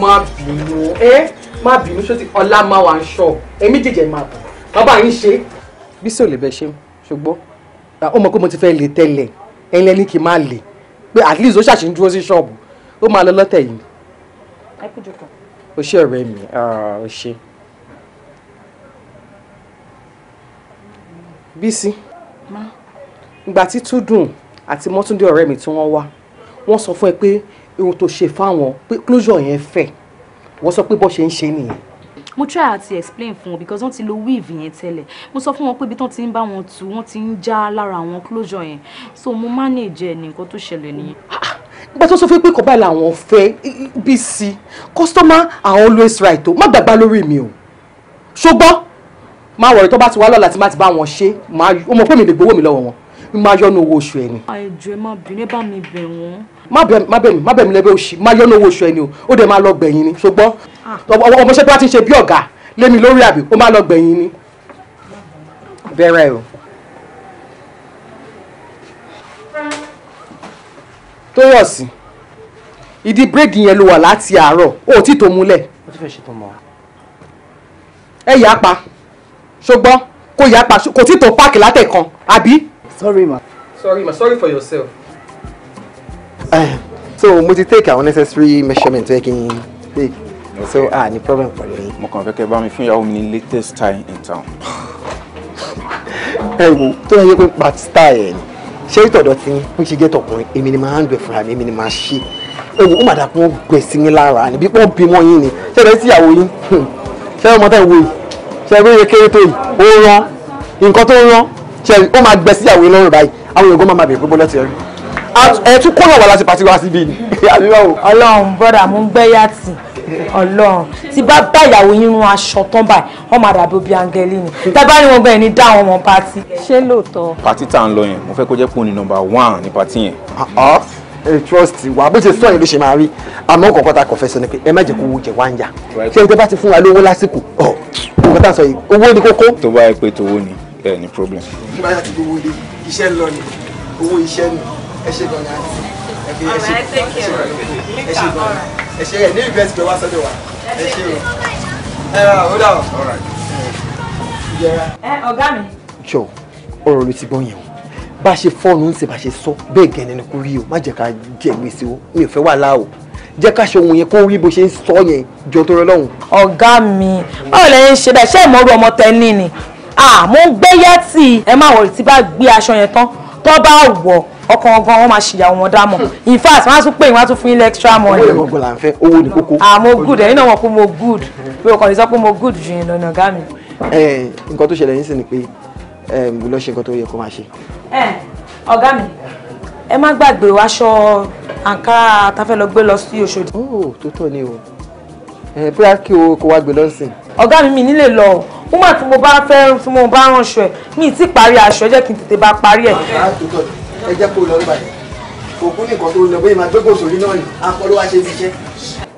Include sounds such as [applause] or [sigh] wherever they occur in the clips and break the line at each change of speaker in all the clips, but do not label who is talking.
má bínú ẹ má bínú ṣó ti ọlá máa wà ń ṣọ èmi jẹjẹ máa bọ bàbá yín ṣe. bí sọ lè bẹ ṣe ṣùgbọ́n ó mọ̀ pé mo ti fẹ́ lè tẹ́lẹ̀ ẹ̀yin lẹ́ni kì í má lè pé at least ó ṣàṣì ń dúró sí ṣọ́ọ̀bù ó máa lọ lọ́tẹ̀ yìí. ẹ kú jù kan. o ṣe ọ̀rẹ́ mi o ṣe. Bísí ìgbà tí Túndùn àti Mọ́túndé ọ̀rẹ́ mi tí wọ́n wá wọ́n sọ fún ẹ pé ohun tó ṣe fáwọn pé closure yẹn fẹ́ wọ́n sọ pé bó ṣe ń ṣe nìyẹn mo try àti explain fún wọn because wọ́n ti lo weave yẹn tẹ́lẹ̀ mo sọ fún wọn pé ibi tán ti ń bá wọn tú wọ́n ti ń já lára àwọn closure yẹn so mo manage ẹ nìkan tó ṣẹlẹ̀ nìyẹn. Ah, nígbà tó sọ fún pé kò báyìí làwọn fẹ́ bí sí customer are always right o má gbàgbá lórí mi o ṣùgbọ́n máa wọ̀rẹ́ tó bá ti wá lọ́la tí má ti bá wọn ṣe ó mọ̀ pé mi lè gbowó mi lọ́wọ́ wọn máa yọnu owó oṣù ẹ ni. àìjọ ẹ má bínú ẹ bá mi bẹ̀ wọ́n. má bẹ̀ má bẹ̀ mí má bẹ̀ mí lẹ́bẹ̀ oṣù má yọnu owó oṣù ẹ ni o ó dẹ̀ máa lọ gbẹ̀yìn ni ṣùgbọ́n ah. ọmọọṣẹ́ tó bá ti ń ṣe bí ọ̀gá lémi lórí àbí ó máa lọ gbẹ̀yìn ni. bẹ̀rẹ̀ o. tó yọ̀ sí ìdí bírèkì yẹn ló wà láti àárọ̀ ó ti tó múlẹ̀. ó ti fẹ́ ṣe tó mọ́. ẹ yà á pa ṣùgbọ́n kò yà á pa kò tí tó páàkì látẹ̀kan àbí sorry ma. sorry ma sorry for yourself.
Uh, so we ti take our necessary measurement wey okay. so ah ni problem for yín. mo kàn fẹ́ kẹ́ bá mi mi latest style in town. ẹ [laughs] wo tó yẹ pé pat style ẹ ni ṣé ìtọ̀dọ̀ ti ń pín ṣe gé tọkùnrin èmi ni màá ń gbẹ fúnra mi èmi ni màá ṣe ẹ wo ó mà dàpọ̀ wọ́n gbẹ sí yín lára
ni bí wọ́n bímọ yín ni ṣé ẹ sí ìyàwó yín hmm. ṣé ọmọ tẹ̀ wò yìí ṣé ẹ bí ó yẹ kéré ṣe ó máa gbẹ síyàwó lọ́rùn báyìí àwọn èèyàn gan máa bẹ̀rẹ̀ pé bọ́lá ti rí ẹ tún kó náà wá láti pàtí wá síbí ni. [laughs] ọlọ́run bọ́dà mo ń gbẹ́ yàtì ọlọ́run tí bá bá ìyàwó yín rún aṣọ tán báyìí wọ́n máa dàbí obi angeli ni hmm. tábà ni wọ́n bẹ̀rẹ̀ ní dá àwọn ọmọ pátì. ṣé
lóòótọ́.
pátì tá à ń lọ yẹn mo fẹ́ kó jẹ́ pé òní nọ́mbà one ní pátì yẹn. Ah, ah, ẹ trust wa bó ṣe sọ yẹn ló ṣe máa rí àmọ́ kọ̀ọ̀kan ta kọ̀fẹ́ sọ ni pé ẹ má jẹ́ kó owó jẹ wá ń yà ṣé ìjọba ti fún wa lówó lásìkò ọ̀ nǹkan tá à ń sọ yìí owó ni kókó. tó bá yẹ pé tòwó ni ẹ ní problem. nígbà yàtí gbogbo ilé iṣẹ́ ń lọ ni owó iṣẹ́ ni ẹ ṣe gan-an àti ẹ fi ẹ ṣe gan-an ẹ ṣe gan-an ẹ ṣe ẹ ní
ìgbẹ́ ti bẹ wá sọ́dọ̀ wa ẹ ṣe o ẹ ra ó dà ọ.
ẹ ọ̀gá mi.
jọ ọ̀rọ̀ ló ti gbọ́ yẹn o bá a ṣe fọ́ọ̀nù ń ṣe bá a ṣe
sọ bẹ́ẹ̀ gẹ̀ẹ́nì ni kò rí o má jẹ́ ká jẹ gbèsè o mi ò fẹ́ wà láà jẹ́ ká ṣe ohun yẹn kó rí bó ṣe ń sọ yẹn jọ tó rẹ lọ́hùn. ọ̀gá mi báwo lẹ́yìn ṣe bẹ́ẹ̀ ṣé ìmọ̀rú ọmọ tẹ ní ni Ah, mo ń gbé yẹtì ẹ má wọlé tí bá gbé aṣọ yẹn tán tó bá wọ̀ ọkàn ọgàn wọn máa ṣìyàwó wọn dá in fact wọn á tún pè wọn á tún fún yín extra money. owó
ìgbọ̀ngàn là ń fẹ́ owó ní
kókó. à mo good ẹ̀yin náà mọ̀ pé mo good pé o kàn lè sọ pé mo good ju yín lọ ní ọ̀gá mi.
nǹkan tó ṣẹlẹ̀ yín sì ni pé mo lọ ṣe nǹkan tó yẹ kó máa ṣe.
ọ̀gá mi ẹ má gbàgbé aṣọ àǹkárá tá a fẹ́ lọ gbé lọ sí Òṣòdì. ó oh, tó tọ́ ni o bóyá kí o kó wá gbé lọ́sìn ọ̀gá mi mi nílé lọ o wúmà tí mo bá fẹ́ tí mo bá ránṣọ ẹ̀ mi ti parí aṣọ ẹ jẹ́ kí n tètè bá parí ẹ̀. ẹ jẹ́ kó lọ rí bàjẹ́ òkú nìkan tó lọ bóyá máa gbégbó sórí náà ni akọ́lọ́ wa ṣe fi iṣẹ́.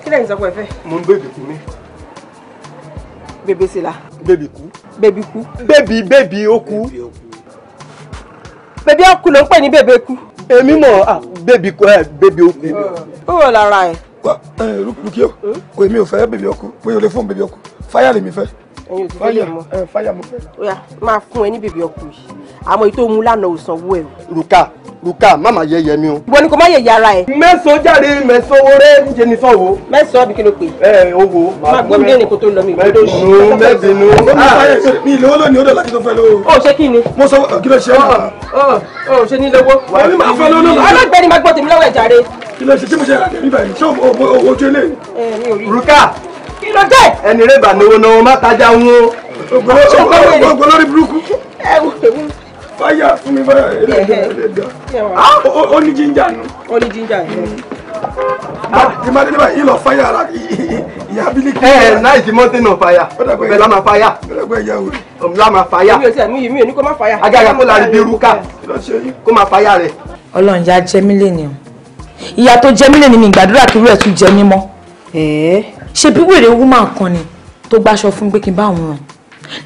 kí lẹ́yìn sọ pé ẹ fẹ́. mo ń bèbè kú mi. bèbè sí la. bèbè kú. bèbè kú. bèbè bèbè ó kú. bèbè ó kú ló ń pè ní bèbè kú.
èmi mọ̀ bèbè ó kú.
ó wọ̀ lára ẹ̀.
Rúkìó kò èmi ò fẹ́ bèbí ọkọ pé o lè fún bèbí ọkọ fáyà lèmi fẹ́.
ẹyin ò ti fẹ́ yẹ mọ́ fáyà mo fẹ́. ó yá máa fún ẹ ní bèbí ọkọ yìí àmọ́ èyí tó mú lánàá ò sanwó ẹ. Rùkà Rùkà má máa yẹyẹ mi o. ìwọ ni kò má yẹyẹ ara ẹ. mẹ́sàn jáde mẹ́sàn-án oré níjẹ ní sọ́wọ́. bí kí ló pè. ẹ owó. máa gbọ́ mílíọ̀nù kó tó lọ mi.
mẹ́bìnú mẹ́bìnú. Ah, mi
ìlówó lónìí ó láti tó fẹ́ lówó. ó ṣe kí ni. mo sọ kí ló ṣe é. ó ṣe ní lówó. ọlọ́gbẹ́ni má gbọ́ tèmi lọ́wọ́ ẹ̀ jàre ilé ṣe tí mo ṣe rà níbà yìí owó ojú ilé
yìí. ruka
kí ló dé. ẹni rẹ bà náwó náwó má tajà ń wo. ògbó lórí burúkú. fáyà fún mi fáyà ilé ẹgbẹ.
ó ní jíjà nù. ó jíjà nù. kí ah, má níbà yìí fáyà ara
ìyá bílíkì. ẹ ẹ náà ti mountain of fire bẹ́ẹ̀ la fáyà. bẹ́ẹ̀ la fáyà.
ọlọ́run ya jẹ́ mílíọ̀nù ìyá tó jẹ mí lè ní mi gbàdúrà kí irú ẹ̀ tún jẹ mí mọ́ ṣebí wèrè woman kan ni tó gbàṣọ fún pé kí n bá òun rìn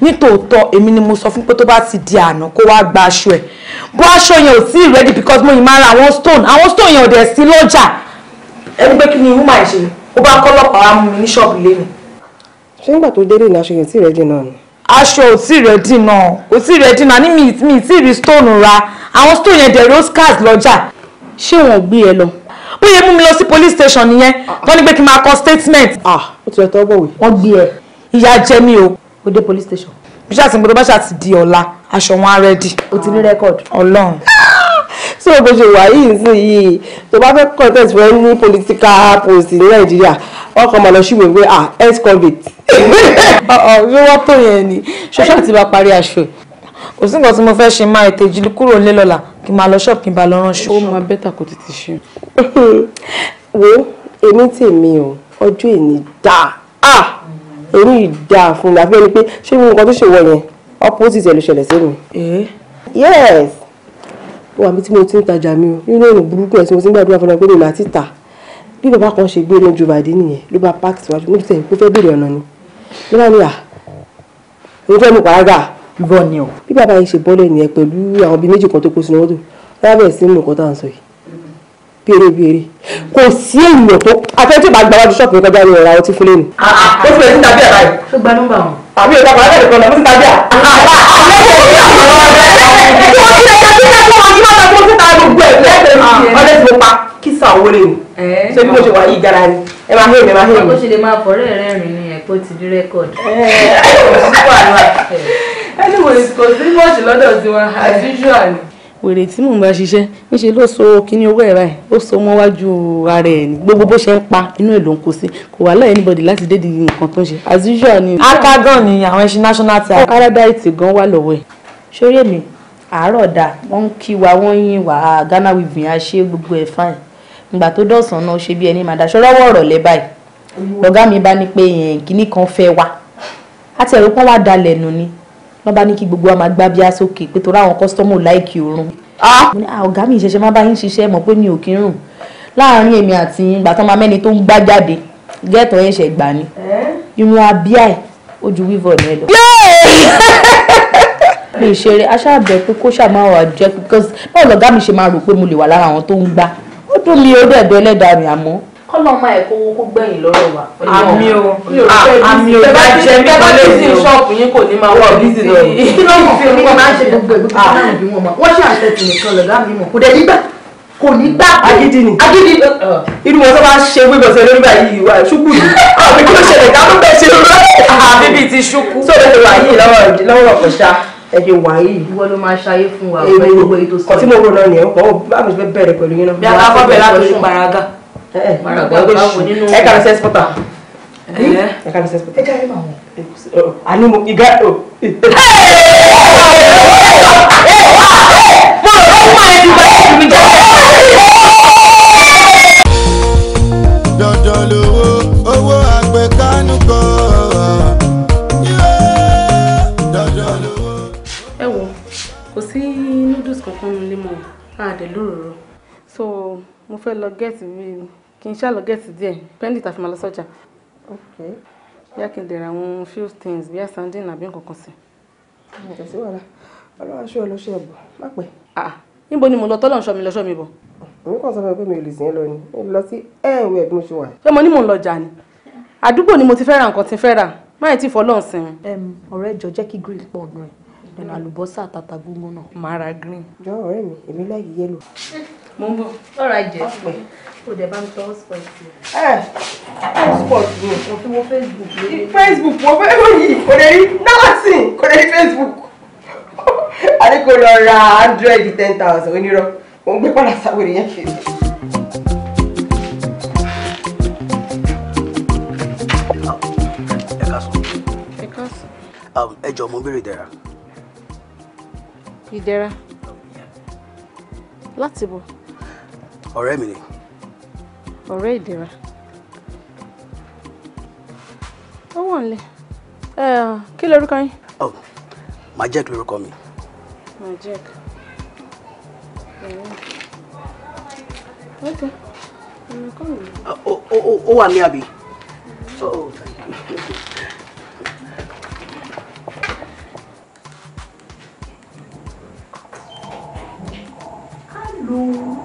nítòótọ́ èmi ni mo sọ fún pé tó bá ti di àná kó wá gba aṣọ ẹ̀ bó aṣọ yẹn ò tí ready because mo yìí máa ra àwọn stone àwọn stone yẹn ò dẹ̀ sí lọ́jà ẹni pé kí ni woman ṣe ó bá kọ́ lọ́pàá mú mi ní ṣọ́ọ̀bù lé mi. ṣé nígbà tó délé ni aṣọ yẹn tí ready náà ni. aṣọ ò tí ready náà kò tí ready náà ní mi ì tí ì rí stone ra àwọn stone yẹn dẹ̀ roscars lọ́jà ṣé wọ́n gbé ẹ lọ bí yẹn mú mi lọ sí police station nìyẹn tó ní pé kí n máa kọ statement. ah ó ti rẹ tọ́ bọ̀wé. wọ́n gbé ẹ. ìyá jẹ mí o. ó dé police station. bí ṣáà ti ń gbọdọ̀ bá ṣáà ti di ọ̀la aṣọ wọn á rẹ́dì. o ti ní rẹ́kọ̀dì. ọlọ́run tí [laughs] o bó ṣe wà yìí sí yìí tó bá fẹ́ contest fún ẹni ní political post ní nàìjíríà wọ́n kàn máa lọ ṣùgbọ́n pé ah ex convict. [laughs] ṣé wọ́n tó yẹn ni ṣọ́ṣọ́ àti bá parí aṣọ kò sí nǹkan tí mo fẹ́ ṣe máa ètè ìjìnlẹ̀ kúrò lé lọ́la kí n máa lọ ṣọ́ọ̀bù kí n bá lọ ránṣọ. ó máa bẹ́tà kó ti ṣe. [laughs] wo èmi tèmi o ọjọ́ èmi dáa ah èmi dáa fún mi àfi ẹni pé ṣé mo nǹkan tó ṣe wọ yẹn opposite ẹ̀ ló ṣẹlẹ̀ sí mi. Eh? yes wà mí tí mo ti ń tajà mi o nínú ìrìn burúkú ẹ̀ tí mo ti ń gbàdúrà fún ọ pé mi máa ti tà bí bàbá kan ṣe gbé lójú bàdí nìyẹn ló bá pààkì síwájú mo ti tẹ̀ kó fẹ́ bèrè ọ̀nà ni ló bá à òun fẹ́ mi pàágà irọ́ ni o. bí bàbá yìí ṣe bọ́lẹ̀ nìyẹn pẹ̀lú àwọn bíi méjì kan tó kó sínú mọ́tò lábẹ́ sí mú nǹkan tá à ń sọ yìí bèrè bèrè kò sí èèyàn tó afẹ́ tó bá gba wájú ṣọ́ọ̀pù kọjá ní ọ̀rọ̀ àwọn tí fúlẹ̀ ni. ó fi ẹ̀sìn tàbí àbáyé. ó gba wọn. àbí ìta bàbá rẹ̀ kọ́nà ó sì tàbí à. kísà owó lè ní ṣé bí mo ṣe wà yí gara ni ẹ máa hẹ́ mi ẹ máa hẹ́ mi. ó ṣe lè
máa fọ̀rẹ́ rẹ̀ rìn ní ẹ̀pọ̀ ti dí rẹ́kọ̀dì
anyways kò sí much lọ́dọ̀ tiwa as usual wèrè tí mò ń bá ṣiṣẹ́ níṣẹ́ ló so kíní owó ẹ̀rá ẹ̀ ó so mọ́ wájú ara ẹ̀ ní gbogbo bó ṣe ń pa inú ẹ̀ ló ń kó sí kò wà láì anybody láti dédì nǹkan tó ń ṣe as usual ni. akagan ni àwọn ẹṣin national theatre. paradise gan wà lọ́wọ́ ẹ̀. sórí èmi àárọ̀ dà wọ́n ń kí wa wọ́n yín wà á ghana weaving á ṣe gbogbo ẹ̀ fine ìgbà tó dọ̀sán náà ṣe bí ẹni máa daṣọ rọ́wọ́ ọ̀rọ̀ lẹ́ báyìí lọ́gá mi bá ní pé kíní kan fẹ́ wa á ti ẹ̀rọ pọ́n wá dalẹ̀ nù ni wọ́n bá ní kí gbogbo wa máa gbá bíá sókè pé torí àwọn kọ́sítọ́mù láìkì òórùn. ọ̀gá mi ìṣẹ̀ṣẹ̀ má bá yín ṣiṣẹ́ mọ̀ pé mi ò kí ń rùn láàárín èmi àti ìgbà tán máa mẹ́ni tó ń gbá jáde gẹ́tọ̀ ẹ̀ṣẹ̀ gbà ni eh? irun abíà ẹ̀ ó wíwọ̀ ni ẹ lọ. mi ìṣeré aṣáàbẹ̀ pé kó ṣàmà wà because báwo lọ̀gá mi ṣe máa rò pé mo lè wà lára àwọn tó ń gbá ó dùn mí ó dẹ̀ bẹ́ẹ̀ lẹ́dàá mi àmọ́ kọ́lọ́ máa owó kó gbẹ̀yìn lọ́rọ̀
wa. àmì o ah, àmì o bá jẹ́ mi kọ́ lè sí ṣọ́ọ̀bù
yín kò ní máa wọ̀ bí sí lọ. kí ló mọ̀ fi oníkan máa ń ṣe gbogbo ìlú kan láwọn òbí wọn mọ̀ wọ́n ṣe àtẹ̀tì nìkan lọ̀gá mi mọ̀ kò dẹ̀ nígbà kò ní gbà. agídí ni agídí ah. inú wọn tó bá ṣe gbígbọ̀ sí olórí báyìí wà ṣubú yìí
àbí ah, kí ló ṣẹlẹ̀ ká ló bẹ̀ ṣe lọ́wọ́. àbí bíi ti ṣubú. sọ̀rọ̀ ti wà yìí lọ́wọ́
ọ̀pọ̀ ṣá ẹjẹ wàyí ìwọ ló máa ṣayé fún wa pẹ̀lú gbogbo ètò mo rò náà nìyẹn kọ bá mi fẹ́ bẹ̀rẹ̀ pẹ̀lú yín náà. bí a bá bẹ̀rẹ̀ láti ṣùgbọ́n ara
ẹ kà sẹ́sì pọ̀tà
ẹ kà sẹ́sì pọ̀tà. ẹ jáde màá wọn. àní mo ìgá o.
dandan lowó owó àgbẹ̀ kánú kan.
ẹ wo kò sí noodles kankan nílé mọ́ àdè lóròrò so mo fẹ́ lọ get bíi kí n ṣáà lọ gẹ̀ẹ́sì díẹ̀ pẹ́ndì tàfi máa lọ sọ́jà. ok. yá kí n dẹ̀ra àwọn few things bí àsándìn àbí nǹkan kan sí. ǹjẹ́ sí wàhálà ọlọ́run aṣọ ọlọ́ṣẹ́ ẹ̀bùn má pẹ́. níbo ni mo lọ tọ́lọ́ ṣọ́ mi lọ́ṣọ́ mi bọ̀. èmi kàn sọ fún ẹ pé mi ò lè sìn lọ ni mo lọ sí ẹ̀ẹ́wẹ̀ bí mo ṣe wà. ṣé mo ní mò ń lọ jà ni àdúgbò ni mo ti fẹ́ ra nǹkan ti fẹ́ rà máyì tí fọlọ́ọ̀ sin. ọ̀rẹ́ jọ jẹ́ kí grill pọ̀ gan then àlùbọ́sà àtàtà gbogbo náà green. jọ ọ̀rẹ́ mi èmi láì yẹlò. mo ń jẹ́ pẹ́ kò dẹ̀ bá ń tọ́ sport yìí. ẹ ẹ sport wo. mo fi wo facebook lórí. facebook wo fẹ́ wò yìí kò lè rí nothing kò lè rí facebook. àní [laughs] kò lọ ra hundred ten thousand onírọ̀ mo ń gbé pàlà sáwèrè yẹn kiri.
Um, ẹ jọ̀ọ́ mo béèrè ìdẹ̀ra.
ìdẹ̀ra láti bọ̀. ọ̀rẹ́ mi ni ọ̀rẹ́ ìdẹ̀ra ó wọ̀n lẹ̀ kí lorúkọ yín. ọ oh, Majek lorúkọ mi. Majek ok ó wà ní àbí. Oh, Hello.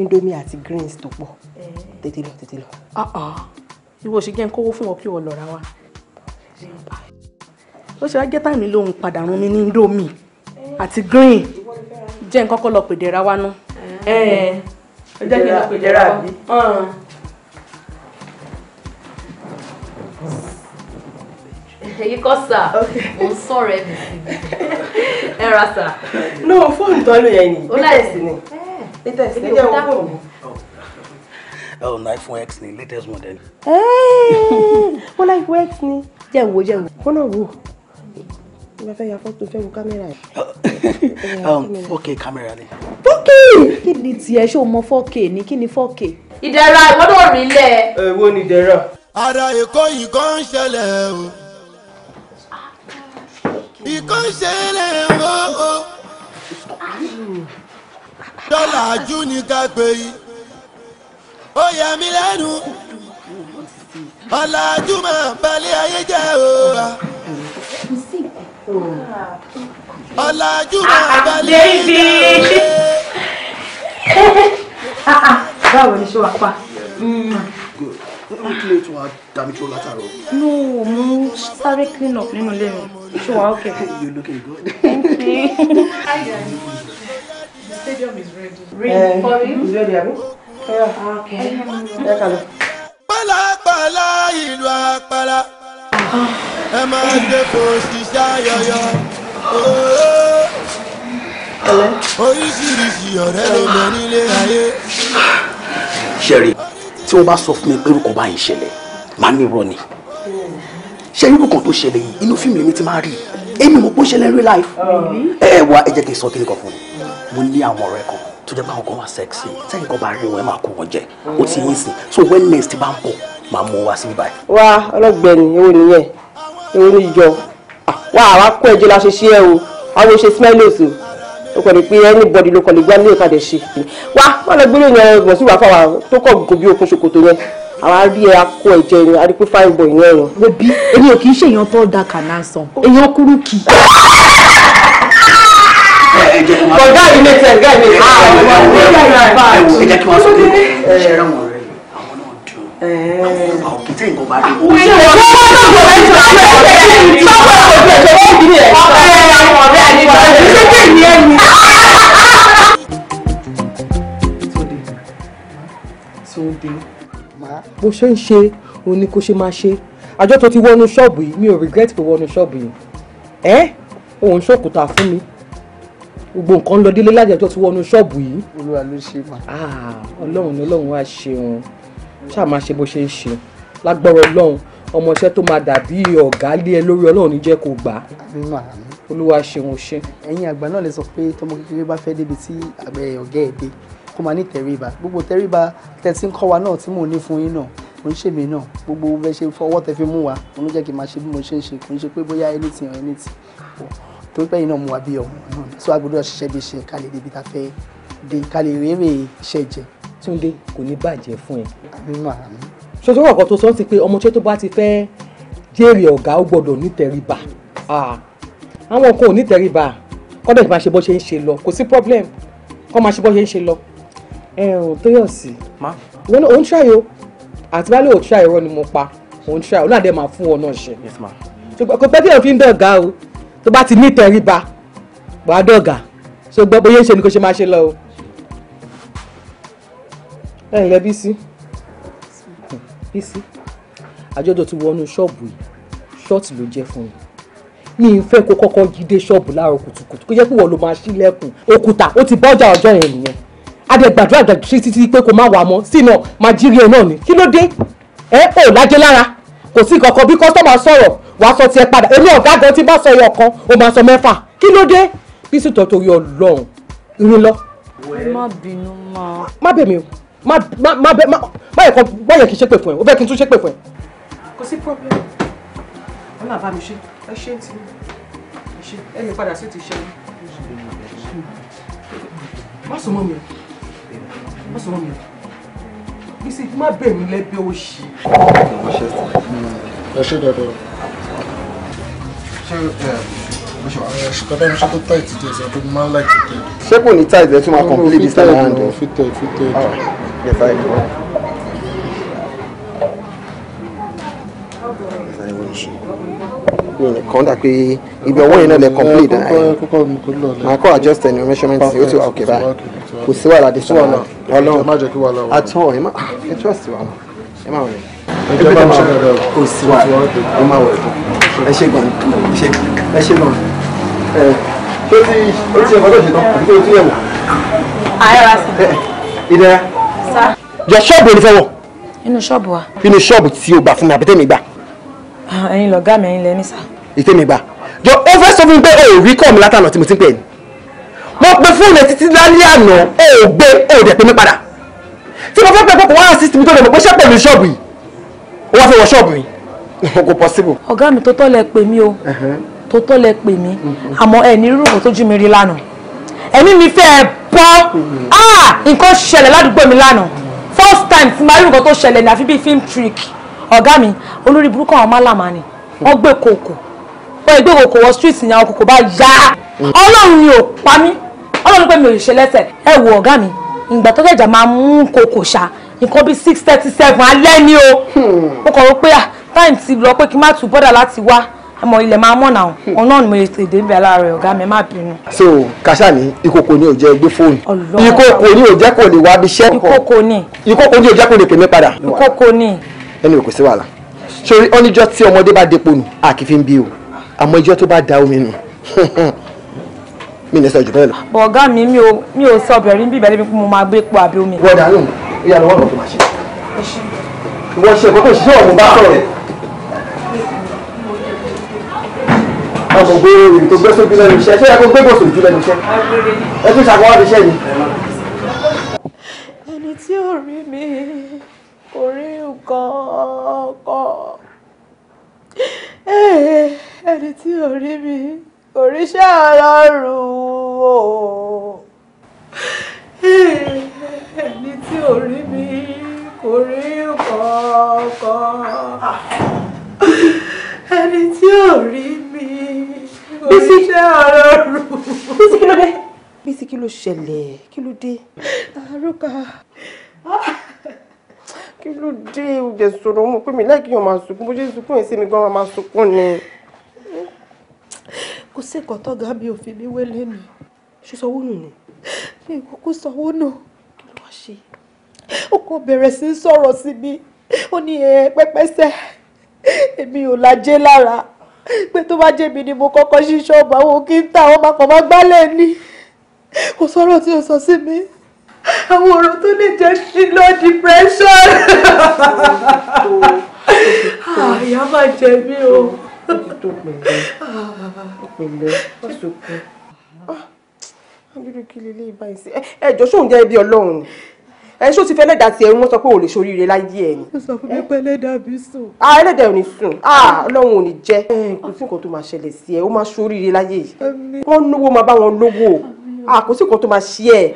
indomie àti greens tó pọ̀ eh. tètè lọ tètè lọ. Ah, ah. ìwọ ṣe jẹ́ ń kówó fún ọ kí o lọ ra wa ó ṣe wá jẹ́ táìmì lòun padà rún mi ní indomie àti green jẹ́ nǹkan kọ́ lọ pèdèrà wa nú. ẹ eh. eh. ẹ jẹ́ kí n lọ pèdèrà bí. èyí kọ́ sà mo ń sọ̀rọ̀ ẹ̀ bìsí ẹ ra sà. no fóònù tó lò yẹn ni bíkẹ́sì ni latest ní jẹ́ ẹ ò náà iPhone X ni latest model. wọ́n náà iPhone X ni jẹ́ wo jẹ́ wo kó náà wò mo fẹ́ ya fọ́tò fẹ́ wo kámẹ́rà yìí. [laughs] Um, four k kámẹ́rà ni. four k kí ni tiẹ̀ ṣé o mọ four k ni kí ni four k.
ìdẹ̀ra ìgbọ́dọ̀ rí
lẹ̀. ẹ eh, wo ni ìdẹ̀ra. ara èkó yìí kan ń ṣẹlẹ̀ o ah, ìkan o. Ah dọ́là ajú ni ká pè yí ó yà mí lẹ́nu ọ̀làjú máa balẹ̀ ayé jẹ́ òòrà ọ̀làjú máa ah, ah, balẹ̀ ayé jẹ́ òòrà. báwo ni ṣé wàá pa n
kile no mo sáré clean up nínú ilé mi ṣé wàá okay. You're looking good. thank you. [laughs] stadium is ready. Ready eh, for you? Is ready, abi?
Yeah. Okay. Ẹ kàlọ́. Pálapàla ìlú àpàlà. Ẹ máa ṣe kò ṣiṣẹ́ ayọyọ. Oríṣiríṣi ọ̀rẹ́ ló mọ nílé ayé.
Ṣẹ̀rí, tí wọ́n bá sọ fún mi pé orúkọ bá ṣẹlẹ̀, màá ní irọ́ ni. Ṣé irú kan tó ṣẹlẹ̀ yìí, inú fíìmù èmi ti máa rí Èmi mọ̀ pé ṣẹlẹ̀ real life. Oh. Ẹ wá ẹ jẹ́ kí n sọ kí ni kan fún mi mo ní àwọn ọ̀rẹ́ kan tó jẹ́ pé àwọn kan wà sẹ́ẹ̀sì sẹ́yìn kan bá rí wọn ẹ máa kó wọn jẹ ó ti yín sí so wellness ti bá ń bọ̀ máa mú wa sí ibà. wá ọlọ́gbẹ́ni èwo nìyẹn èwo ni ìjọ wá àwa kó ẹjọ́ la ṣe ṣe ẹ o àwọn ṣe it. o ó kọ́ ni pé anybody ló kọ́ lè gbá ní ìkàdé ṣe wá wọn lọ gbélé yẹn mọ̀ sí wàá fáwọn tó kọ̀ gùn bí okun ṣòkòtò yẹn àwọn arí ẹ akó ẹ̀jẹ̀ fine boy yẹn rẹ. wo bí èmi ò kì í ṣèyàn tó da kànáà sàn èyàn kúrú kì ọ̀gá yìí ní tẹ̀ ọ̀gá yìí ní tẹ̀ ẹ jẹ́ kí wọ́n sọ pé ṣe rẹ̀ wọ̀n rẹ̀ àwọn náà dùn
àwọn ọba òkè tẹ̀ ìbọn bá dé.
bó ṣe ń ṣe òun ni kò ṣe máa ṣe àjọ tó ti wọnú ṣọ́ọ̀bù yìí mi ò regret pé wọnú ṣọ́ọ̀bù yìí ẹ́ òun ṣòkòtà fún mi gbogbo nǹkan lọ délé lájẹjọ ti wọnú ṣọ́ọ̀bù yìí. olúwa ló ṣe mà. Ah, ọlọ́run ni ọlọ́run wá ṣeun ṣáà máa ṣe bó ṣe ń ṣe lágbára ọlọ́run ọmọọṣẹ́ tó máa dàbí ọ̀gá lé ẹ lórí ọlọ́run ní jẹ́ kó gbà. olúwa ṣeun ṣe. ẹ̀yin àgbà náà lè sọ pé tọmọ kékeré bá fẹ́ débi tí àgbẹ̀ ọ̀gá ẹ̀ dé kó máa ní tẹríba gbogbo tẹríba tẹ̀sí ń wa náà tí mò ń ní fún yín náà kò ń ṣèmí náà gbogbo bẹ́ẹ̀ ṣe fọwọ́ tẹ fi mú wa òun ló jẹ́ kí n máa ṣe bí mo ṣe ń ṣe kò ń ṣe pé bóyá anything or anything tó pẹ́yìn náà mú wa bí ọmọ so a gbọ́dọ̀ ṣiṣẹ́ bí ṣe ká lè débi tá a fẹ́ dé ká lè rèrè iṣẹ́ jẹ. Túndé kò ní bàjẹ́ fún ẹ. ṣoṣo ọkọ tó sọ ti pé ọmọ tí tó bá ti fẹ́ jèrè ọ̀gá ó gbọ́dọ̀ nítẹríba àwọn kan ò nítẹríba kọ́dọ̀ máa ṣe bó ṣe ń ṣe lọ kò sí problem kọ́ máa ṣe bó ṣe ń ṣe lọ. ẹ ò Tóyọ̀sí wọn ò ń ṣàyò àti wálé ò ṣàyò rọ ni mo pa ò ń ṣàyò náà dé máa fún ọ náà ṣe. kò pẹ́ tí èèyàn fi ń bẹ̀ ọ̀gá o tó bá ti ní ìtẹríba wàá dọ̀gà so gbọ́ bóyá ṣe ni kò ṣe máa ṣe lọ o ẹ̀yìn lẹ Bísí Bísí àjọjọ ti wọnú ṣọ́ọ̀bù yìí ṣọ́ọ̀tì ló jẹ́ fún mi mi ń fẹ́ kó kọ́kọ́ jíde ṣọ́ọ̀bù láàárọ̀ kùtùkùtù kó jẹ́ pé wọ́n ló máa ṣílẹ̀kùn òkúta ó ti bọ́jà ọjọ́ yẹn nìyẹn adẹ̀gbàdúrà dàgbà títí pé kó má wà mọ́ sínú máa jírí ẹ náà ni kí ló dé ẹ ò lájẹ lára kò sí kankan bí kọ́sítọ́mà sọ̀rọ̀ wàá sọ tiẹ̀ padà èmi ọ̀gá gan tí bá sọ yọ kan ó máa sọ mẹ́fà kí ló dé bí sì tọ́ torí ọlọ́run irun lọ. má bínú máa. má bẹ̀mí o má má bẹ má má yẹ kan má yẹ kí n ṣépè fún ẹ o bẹ́ẹ̀ kí n tún ṣépè fún ẹ. kò sí problem wọn náà bá mi ṣe ẹ ṣe ti ẹ ṣe ẹ lè padà sí ti ṣe má sọ mọ́ mi o má sọ mọ́ mi o. You see, má bẹ̀ mí lẹ́bi òṣì.
Ẹ ṣe dandan. Ṣé kọ́tà ní ṣe tó tight díẹ̀ sọ pé mo máa ń like fitted.
Ṣé kò ní tight ẹ tún máa complete this time around? Fitted fitted. Yes, I do. mi nìkan dà pé ibi ọwọ́ yẹn náà lè complete. Eh. Máa kọ́ adjust ẹni measurement sí ti wà okay báyìí kò sí wàhálà dé sí wàhálà Ọlọ́run ẹ má jẹ́ kí wàhálà wà. àtọ ẹ má ẹ tún àṣìwà ẹ má wọlé.
ẹ jẹ́ bá mi ṣe dáadáa kò sí wàhálà ẹ má wọlé. ẹ ṣe gan ẹ ṣe gan ẹ ṣé
ti oríṣi ẹ̀fọ́ tó ṣe tán àbí tó ti yẹ̀ wò. àyàrá sí. ìdẹ́ra. jọ ṣọ́ọ̀bù ẹni fẹ́ wọ̀. inú ṣọ́ọ̀bù wa. inú ṣọ́ọ̀bù
tí o gbà fún mi àbí tẹ́mi gbà.
Ah, ẹ̀yin lọ̀gá
mo pe fóònù títí lálẹ́ àná
o ò gbé o ò dẹ̀ pé mi padà
tí mo fẹ́ pẹ́ pọ̀ wọ́n á sí tìmítọ́ lọ́mọ pé ṣé pẹ̀lú ṣọ́ọ̀bù
yìí o wá fẹ́ wọ ṣọ́ọ̀bù yìí [laughs] kò possible. ọ̀gá mi tó tọ́ lẹ pè mí o uh-huh. tó tọ́ lẹ pè mí mm-hmm. àmọ́ ẹ ní rúrùkù tó jú mi rí lánàá ẹ̀mí mi fẹ́ ẹ bọ́ mm-hmm. ah! nǹkan ṣẹlẹ̀ ládùúgbò mi lánàá first time fún marí nǹkan tó ṣẹlẹ̀ ní àfi bíi film trick ọ̀gá mi olórí burúkú àwọn málàmá ni wọ́n gbé kòkò wọ́n gbé kòkò wọ street ní àwọn kòkò bá Ya. Mm. ọlọ́run ni ò pa mí ọlọ́run pé mi ò lè ṣe lẹ́sẹ̀ ẹ wo ọ̀gá mi ìgbà tó jẹ̀jà máa mú kòkò ṣá nǹkan bíi six thirty seven alẹ́ ni o mo kọ̀ wọ́n pé time ti lọ pé kí n má tún bọ́dà láti wá àmọ́ ilẹ̀ máa mọ̀nà òun náà ni mo lè tètè dé níbi aláàárẹ̀ ọ̀gá mi má bínú. so kásá ni ìkòkò ni ò jẹ́ gbé fóònù ìkòkò ni ò jẹ́ kò lè wá bí iṣẹ́ ìkòkò ni ìkòkò ni ò jẹ́ kò lè pè mí padà. ìkòkò ni. ẹni kò sí wàhálà sori ọ́nìjọ́ tí ọmọdé bá depo nù àkìfín bí o àmọ́ ìjọ́ tó bá da omi nù [laughs] mi ní sọ jù bẹ́ẹ̀ lọ. bọ̀gá mi mi ò sọ bẹ̀rí bíbẹ̀ níbi pé mo máa gbé epo àbí omi. wọ́n dànù ìyá lọ́wọ́ lọ́wọ́ tó máa ṣe. ìwọ ṣe ìkókó ìṣiṣẹ́ ọ̀hún bá sọ̀rọ̀. ọmọ gbé ìrìn tó gbé sójú lẹ́nu iṣẹ́ ṣé ẹ kó gbé bòsò jù lẹ́nu iṣẹ́ ẹ tún ṣàkóso iṣẹ́ yìí.
ẹni tí ò rí mi kò rí nǹkan
eh, ẹni tí ò rí mi òrìṣà ọlọ́run o ẹni tí ò rí mi kò rí kọ̀ọ̀kan ẹni tí ò rí mi òrìṣà ọlọ́run. bísí kí ló dé bísí kí ló ṣẹlẹ̀ kí ló dé. àrùkà kí ló dé oúnjẹ sọ̀rọ̀ ọmọ pé mi láì kí èèyàn máa sunkún bó ṣe sunkún yẹn sí mi gan-an máa sunkún ni kò sí nǹkan tọ́gá mi ò fi mí wé lẹ́nu ṣe sanwó nù ni mi kúkú sanwó nù kí ló wá ṣe ó kàn bẹ̀rẹ̀ sí í sọ̀rọ̀ sí mi ó ní ẹ pẹ́pẹ́sẹ́ èmi ò lajẹ́ lára pé tó bá jẹ́ mi ni mo kọ́kọ́ ṣí ṣọ́ọ̀bù àwọn òkè ń tà àwọn papọ̀ máa gbálẹ̀ ni kò sọ̀rọ̀ tí o sọ sí mi àwọn ọ̀rọ̀ tó lè jẹ́ kí lọ depression àyà [laughs] ah, máa jẹ mí o ó ti tó pẹ̀lẹ́ ó pẹ̀lẹ́ ó sunkún abirikí lélẹ́ ìbáyìí sí ẹ jọ sóun jẹ́ ibi ọlọ́run ni ẹ ṣó ti fẹ́ lẹ́dàá tiẹ̀ wọ́n sọ pé ò lè ṣoríire láyé ẹ̀ ni. ó sọ fún mi pé ẹlẹ́dàá bí
sùn. a ẹlẹ́dàá ò
ní sùn a ọlọ́run ò ní jẹ́ kò sí nǹkan tó máa ṣẹlẹ̀ sí ẹ ó máa ṣoríire láyé yìí wọ́n náwó máa bá wọn lówó a kò sí nǹkan tó máa ṣe ẹ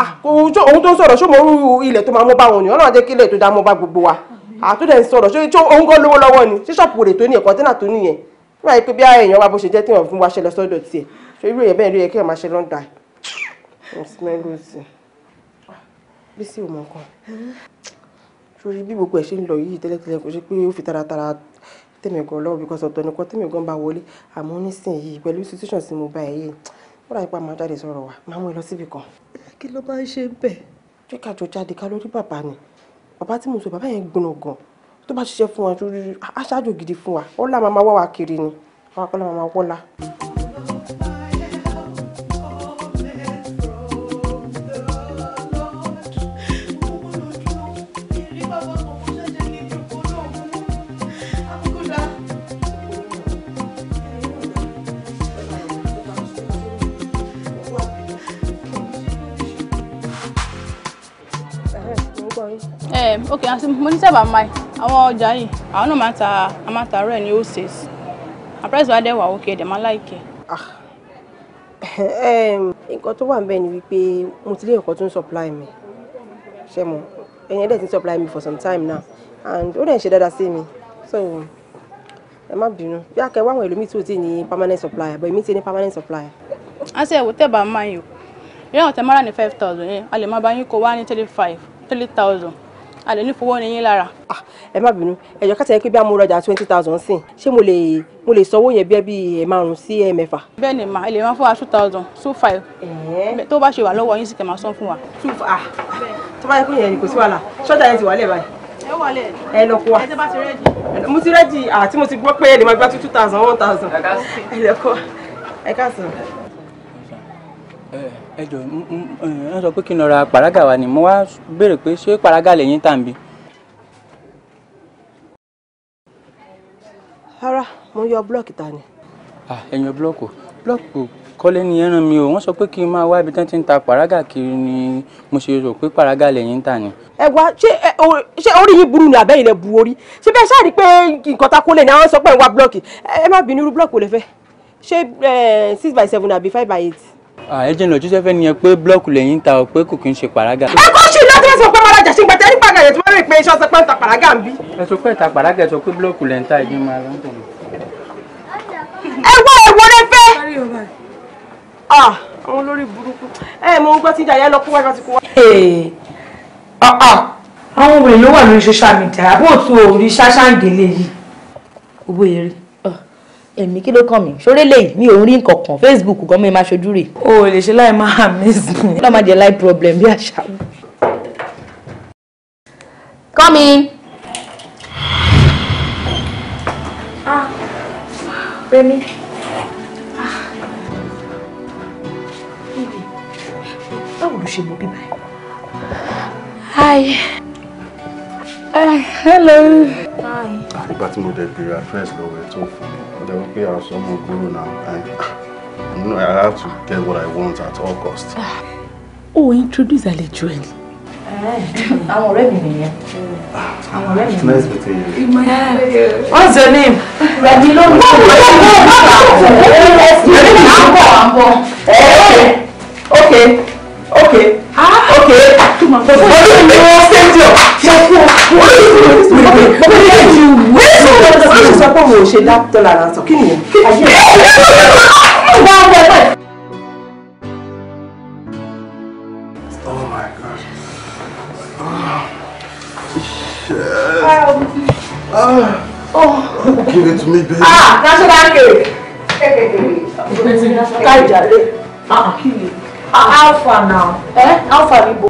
a òun tó ń sọ̀rọ̀ mo rú ilẹ̀ ni ọlọ́run á jẹ́ kí ilẹ̀ tó dá mọ́ gbogbo wa àtúndẹ̀ ah, sọ̀rọ̀ ṣé tí òun kọ́ lówó lọ́wọ́ ni ṣé ṣọ́ọ̀pù rẹ̀ tó ní ẹ̀kọ́ tẹ́nà tó nìyẹn wọ́n máa yẹ pé bí èèyàn wa bó ṣe jẹ́ tí wọ́n fún wa ṣẹlẹ̀ sọ́dọ̀ tiẹ̀ ṣé irú èèyàn bẹ́ẹ̀ ló yẹ kí ẹ̀ máa ṣe lọ́ńdà bísí ò mọ nǹkan sórí bí gbogbo ẹ̀ ṣe ń lọ yìí tẹ́lẹ̀tẹ́lẹ̀ kò ṣe pé ó fi taratara tẹ̀mẹ̀gàn lọ́wọ́ bí kọ́sọ̀tọ̀ nìkan tẹ̀mẹ̀gàn bá wọlé àmọ́ nísìnyìí pẹ̀lú situation tí mo bá ẹ̀ yìí wọ́n ráyè pa máa jáde sọ̀rọ̀ wa máa mú ẹ lọ síbì kan. kí ló bá ń ṣe ń jẹ́ ká jáde ká lórí bàbá ni bàbá tí mo sọ bàbá yẹn gbóná gan tó bá ṣiṣẹ́ fún wa aṣáájú gidi fún wa ọlá màmá wá wa kiri ni àwọn akọ́lá màmá wọ́lá. Okay, àti mo ní sábà máa àwọn ọjà yìí àwọn náà máa ń ta a máa ń ta rẹ̀ ní o six a price wa dẹ̀ wà ok dẹ̀ máa láìkẹ́. Ah, ehm, nǹkan tó wà ń bẹ̀ ni wípé mo ti lé nǹkan tó ń supply mi ṣe mo ẹ̀yin ẹ̀dẹ̀ ti ń supply mi for some time now and ó dẹ̀ ń ṣe dáadáa sí mi so ẹ má bínú bí a kẹ wá àwọn ẹlòmíì tí o ti ní permanent supplier but èmi ti ní permanent supplier. a ṣe ẹ̀wò tẹ́ bá máa yìí o ìyá àwọn tẹ mọ́ra ní five thousand yẹn a lè máa bá yín kó wá ní three five three thousand a lè ní fowó ní yín lára. Ah, ẹ má bínú ẹjọ kátà yẹ pé bí a mú rọjà twenty thousand sí ṣé mo lè mo lè sanwó yẹn bíẹ́ bíi márùn sí ẹ̀ẹ̀mẹ́fà. bẹ́ẹ̀ ni mà ẹ lè máa fún wa two thousand two five tó bá ṣe wà lọ́wọ́ yín sì kẹ́ máa san fún wa. two ah tó bá yẹ kó yẹn kò sí wàhálà ṣọ́jà yẹn ti wà lẹ́ẹ̀ báyìí ẹ lọ kó wa mo ti rẹ́dì àti mo ti gbọ́ pé ẹ lè máa gba two thousand one thousand ẹ lọ ẹ káàsán ẹ jọ ń sọ pé kí n lọ ra pàrágà wa ni mo wá béèrè pé ṣé pàrágà lẹ́yìn tàbí. rárá mo yọ búlọ́ọ̀kì ta ni. ẹ̀yìn búlọ́ọ̀kù búlọ́ọ̀kù kọ́lé ni ẹ ràn mí o wọ́n sọ pé kí n máa wá ibi tí wọ́n ti ń ta pàrágà kiri ni mo ṣe rò pé pàrágà lẹ́yìn tà ni. ẹ wá ṣé ṣé orí yìí burú ni àbẹ́yìn lẹ bu orí ṣé bẹ́ẹ̀ ṣáà rí i pé nǹkan ta kólé ni àwọn sọ pé ń wá búlọ́ọ̀kì ẹ má bínú irú búlọ́ọ̀kù lẹ fẹ́ ṣé six by seven àbí five by eight ẹ ah, jẹ́ lọ jíṣẹ́ fẹ́ ni ẹ pé blọ́ọ̀kù lẹ́yìn ta ọ pé kò kí n ṣe pàrágà. ẹ kọ́ sí iná tí wọ́n sọ pé wọ́n rajà sí ìgbà tẹ́lẹ̀ pàgà yẹn tí wọ́n rí pé iṣẹ́ ọ̀sẹ̀ pé ń ta pàrágà ń bí. ẹ sọ pé ìta pàrágà ẹ sọ pé blọ́ọ̀kù lẹ́yìn ta ìdí máa rántọ̀ mi. ẹ wọ ẹwọ rẹ fẹ. àwọn olórí burúkú ẹ mọ ohun gbọ́ tí ìjà yẹn lọ kó wá láti kó wá. Ah, ah. àwọn obìnrin ló wà lórí social media àbóòtú òòrí ṣáṣáǹdélé yìí èmi kí ló kàn mí ṣoré lè mi ò rí nǹkan kan facebook gan mi máa ṣojú rẹ̀. o ò lè ṣe láì máa [laughs] miss mi. ọlọ́mọ jẹ́ láì problem bí àṣà. Coming. Ah, Remy. Ah. Báwo ló ṣe mọ bíbá ẹ?
Hi. Uh, hello. Hi.
Àgbà tí mo dẹ̀ bèrè address lọ́wọ́ ẹ tó fún mi. They will pay our some guru now. I, you know, I have to get what I want at all cost. Ah,
oh, introduce àlejò ẹ. I'm already here. I'm already here. mi ah, Nice meeting you. Eh, What's your name? Rẹ̀mí ló ń bọ̀. Bọ̀ bọ̀ bọ̀ bọ̀ bọ̀. Rẹ̀mí náà ń eh, okay ok ah! ok olùkọ́ ní wọ́n stadium olùkọ́ ní sọ pé òun ò ṣe dá dọ́là náà sọ kí nìyẹn.
Oh
my God. Ah, oh,
shit.
Ah. Oh. Give it to me, you Ah, national cake.
Carry
it. Ah, kill it alpha now ẹ alpha mi bò.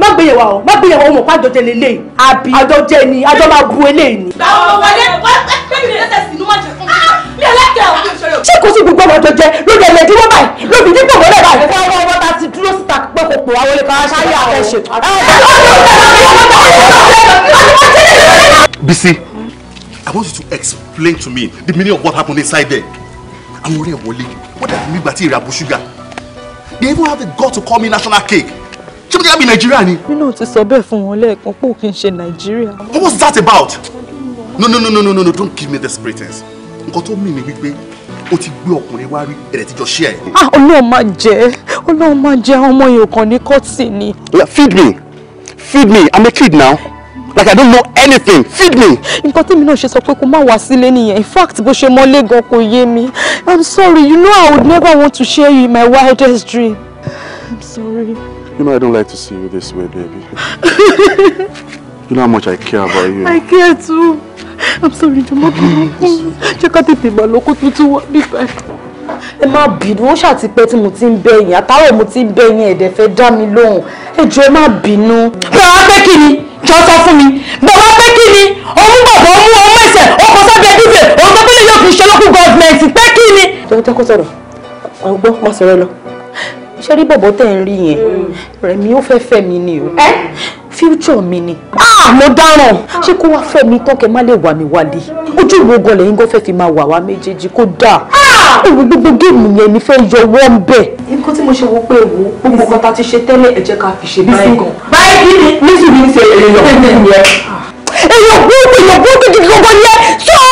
má gbéyàwó àwọn má gbéyàwó àwọn ọmọkùnrin àjọjẹ lélẹ̀ àbí àjọjẹ ni àjọ máa bu eléyìí ni. báwo ló wọlé wọ́n pẹ́ mi lẹ́sẹ̀ sínú wọ́n jẹ fún mi mi ò lẹ́kẹ̀ ọ̀ kí n ṣe rẹ̀. ṣé kò sí gbogbo ọmọ àjọjẹ lórí ẹ̀lẹ́dínwó báyìí lórí nígbà wọlé báyìí. ọwọ́ ọwọ́ ta ti dúró síta pé kò pò àwọn olùkọ́ aṣáájú àfẹ́ ṣètò.
Bisi, I want you to explain to me the meaning of what happened inside there. Àwọn ọ̀rẹ́ wọlé, wọ́n dàbí mi gbà tí ìrà bu ṣúgà they even have the God to call me national cake ṣé mo ti dábì nàìjíríà ni.
mi náà ti sọ bẹ́ẹ̀ fún wọn lẹ́ẹ̀kan pé òkè ń ṣe nàìjíríà.
what was that about? no no no no no no no! don't give me this pretense nǹkan tó mì ní wípé o ti gbé ọkùnrin wá rí ẹ̀rẹ̀ tíjọ ṣí ẹ̀.
ah ọlọ́run máa jẹ́ ọlọ́run máa jẹ́ ọmọ yòókàn ní kọ́ọ̀tì ni.
feed me feed me i'm a kid now like I don't know anything feed
me. nǹkan tí mi náà ṣe sọ pé kó má wá sílé nìyẹn in fact bó ṣe mọ́lé gan kò yé mi I'm sorry you know I would never want to share you my wildest dream
I'm sorry.
You
know I don't like to see you this way baby. you know how much I care about you. I
care
too. I'm sorry jọmọ jẹ ká tètè gbà lóko tuntun wá bíbá ẹ má bínú ó ṣàti pẹ́ tí mo ti ń bẹ yín àtàwọn mo ti ń bẹ yín ẹ̀dẹ̀ fẹ́ dá mi lóhùn ẹ jọ̀ọ́ ẹ má bínú. bá a pé kí ni jọ sọ fún mi bàbá pé kí ni òun bàbá mú ọmọ ẹsẹ ọkọ sábẹ dúfẹ òun tó tẹ́lẹ̀ yóò fi ṣe lókùn gọọmẹǹtì pé kí ni. jọ̀wọ́ jẹ́ kó sọ̀rọ̀ àwọn gbọ́ máa sọ̀rọ̀ lọ ṣé rí bọ̀bọ̀ tẹ̀ ń rí yẹn rẹ̀mí ó fẹ́ fẹ́ mi ni o future mi ni. mo dáràn ṣé kó wá fẹ́ mi tán kẹ́ má lè wà mí wálé ojú ìwò gan lẹ́yìn gan fẹ́ fi máa wà wá méjèèjì kó dáa òwò gbogbo géèmù yẹn ni fẹ́ yọ wọ́n bẹ̀. nǹkan tí mo ṣe wo pé wo gbogbo kan ta ti ṣe tẹ́lẹ̀ ẹ jẹ́ ká fi ṣe báyìí gan. báyìí kí ni nísìnyí ń ṣe èèyàn. èèyàn gbogbo èèyàn
gbogbo gidi gbogbo yẹn sọ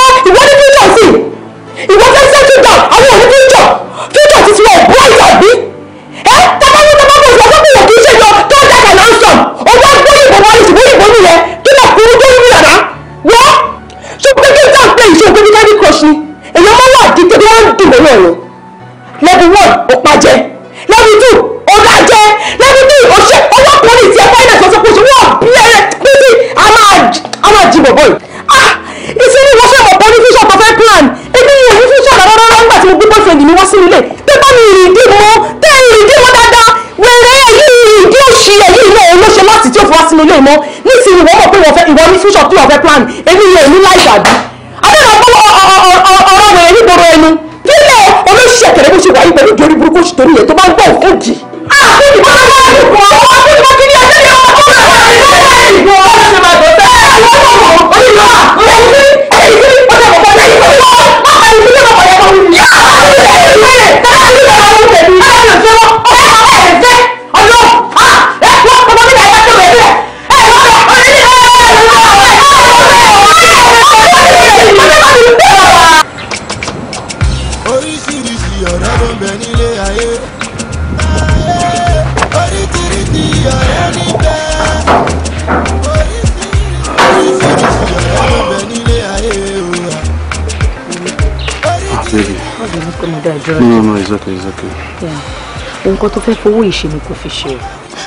fẹ́ fowó yìí ni kò fi ṣe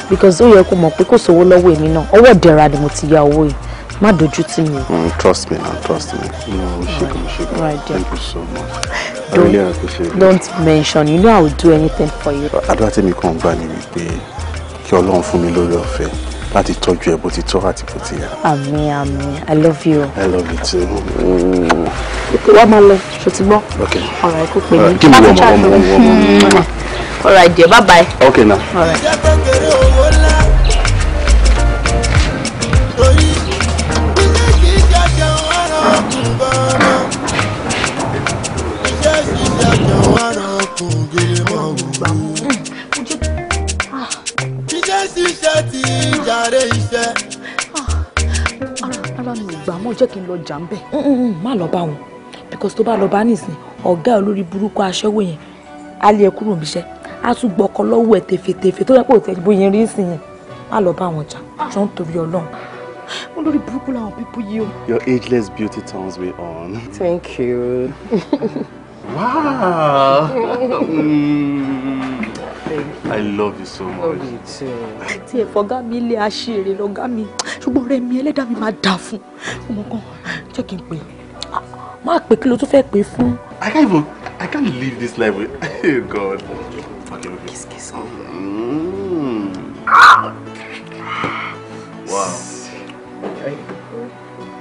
because ó yẹ kó mọ̀ pé kò sówó lọ́wọ́ èmi náà ọwọ́ ìdẹ̀ra ni mo ti ya owó yìí má dojú tì mí. Mm,
trust me na trust me no ṣègùn
ṣègùn right there thank you so much don't, don't mention you know i will do anything for you. àdúrà
tèmi kàn gbà ní wípé kí ọlọ́run fún mi lórí ọ̀fẹ́ láti tọ́jú ẹ bó ti tọ́ àti bó ti yá.
àmín àmín i love you. i love you too. wọ́n máa lọ ṣòtúbọ̀. ok ọ̀rọ̀ ẹ kò pè mí. kí ni wọ́n mọ̀ wọ́n mọ̀ wọ́n mọ̀ all right dear bye bye. okay now.
all right.
iṣẹ́ ṣiṣẹ́ ti jàre iṣẹ́. ara mi ò gbà mọ́
jẹ́ kí n lọ jà ń bẹ̀. Mm, mm, mm, má lọ bá wọn because tó bá lọ bá nìsín ọ̀gá olórí burúkú aṣẹ́wó yẹn á lé ẹ kúrò níbi iṣẹ́ á tún gbọ́kọ lọ́wọ́ ẹ̀ tèfètèfè tó yẹ kó tẹ̀ bóyá rí sí má lọ bá wọn jà jọ ń torí ọlọ́run wọn lórí burúkú làwọn pípú yìí o.
your
ageless beauty turns me on. thank you. wow.
mm.
I love you so much. Love you
too. Tí ẹ fọ̀gá mi ilé aṣèrè lọ̀gá mi, ṣùgbọ́n ọ̀rẹ́ mi ẹlẹ́dàá mi máa dà fún. Ọmọ kan, jẹ́ kí n pè. Má pè kí ló tún fẹ́ pè fún. I can't even I can't live
this life with [laughs] oh God. Mm. Wow.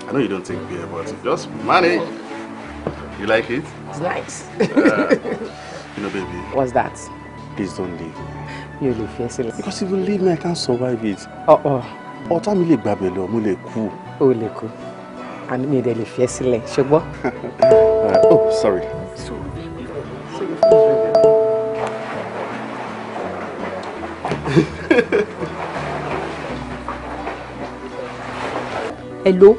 I know you don't take beer, but just manage. You like it? It's nice. Uh, you know, baby. What's that? Please don't leave. You leave, yes, leave. Because if you leave me, I can't survive it. Uh-oh. Ọ̀tá mi lè gbàgbé lọ, mo lè kú. O lè kú. Àní mi dẹ̀ lè fi [laughs] uh, Oh, sorry. So,
so you
hello.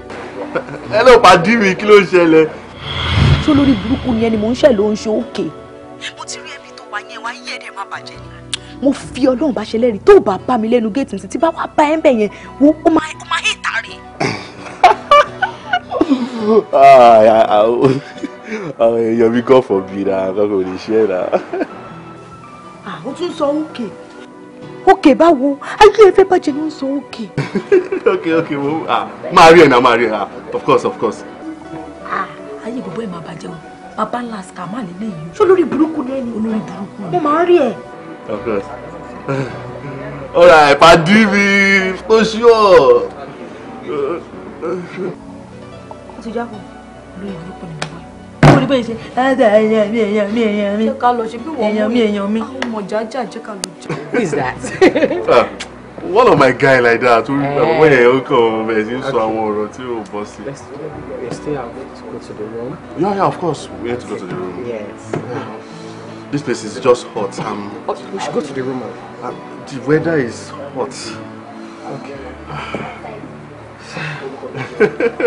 hello pàdí mi kí ló ń ṣẹlẹ̀.
ṣó lórí burúkú ni ẹni mò ń ṣẹ̀ ló ń ṣe òkè. mo ti rí ẹbí tó wà yẹn wá yí ẹ̀dẹ̀ má bàjẹ́ ni mo fi ọlọ́run bá ṣe lẹ́rìí tó bá bá mi lẹ́nu géètì ní títí bá wà bá ẹ̀ ń bẹ̀ yẹn wo ó máa ó máa hìtà rè.
àwọn èèyàn mi gọ́ọ̀fọ̀ bìí náà kọ́kọ́ ò lè ṣe é náà.
àwọn tún sọ òkè. Okay òkè báwo
ayé ẹ fẹ́ bàjẹ́ ló ń sọ òkè.
[laughs] ok ok mo ah máa rí ẹ̀ náà máa rí ẹ̀ ah of course of course.
ah ayé gbogbo ẹ̀ máa bàjẹ́ o bàbá ńlá scammer lélẹ̀ yìí ṣé olórí burúkú ni ẹni olórí burúkú mo máa ń rí ẹ̀.
of course ọ̀rọ̀ àìpàdé mi tó ṣíọ̀.
ó ti jábọ̀ lórí burúkú ni bẹ́ẹ̀ ṣe ẹ̀ẹ́dẹ̀ èèyàn mi èèyàn mi èèyàn mi jẹ́ ká lọ mi. àwọn ọmọ jẹ́ ká lọ jẹ. who is that.
[laughs] Ah,
one of my guy like that eh. wọ́n yẹ ó kàn bẹ̀rẹ̀ sí ń sọ àwọn ọ̀rọ̀ tí ò bọ́ sí. let's stay out go to the room. yeah yeah of course we have to go to the room. yes. This place is just hot. Um, oh, we should go to the room. Uh, the weather is hot. Okay.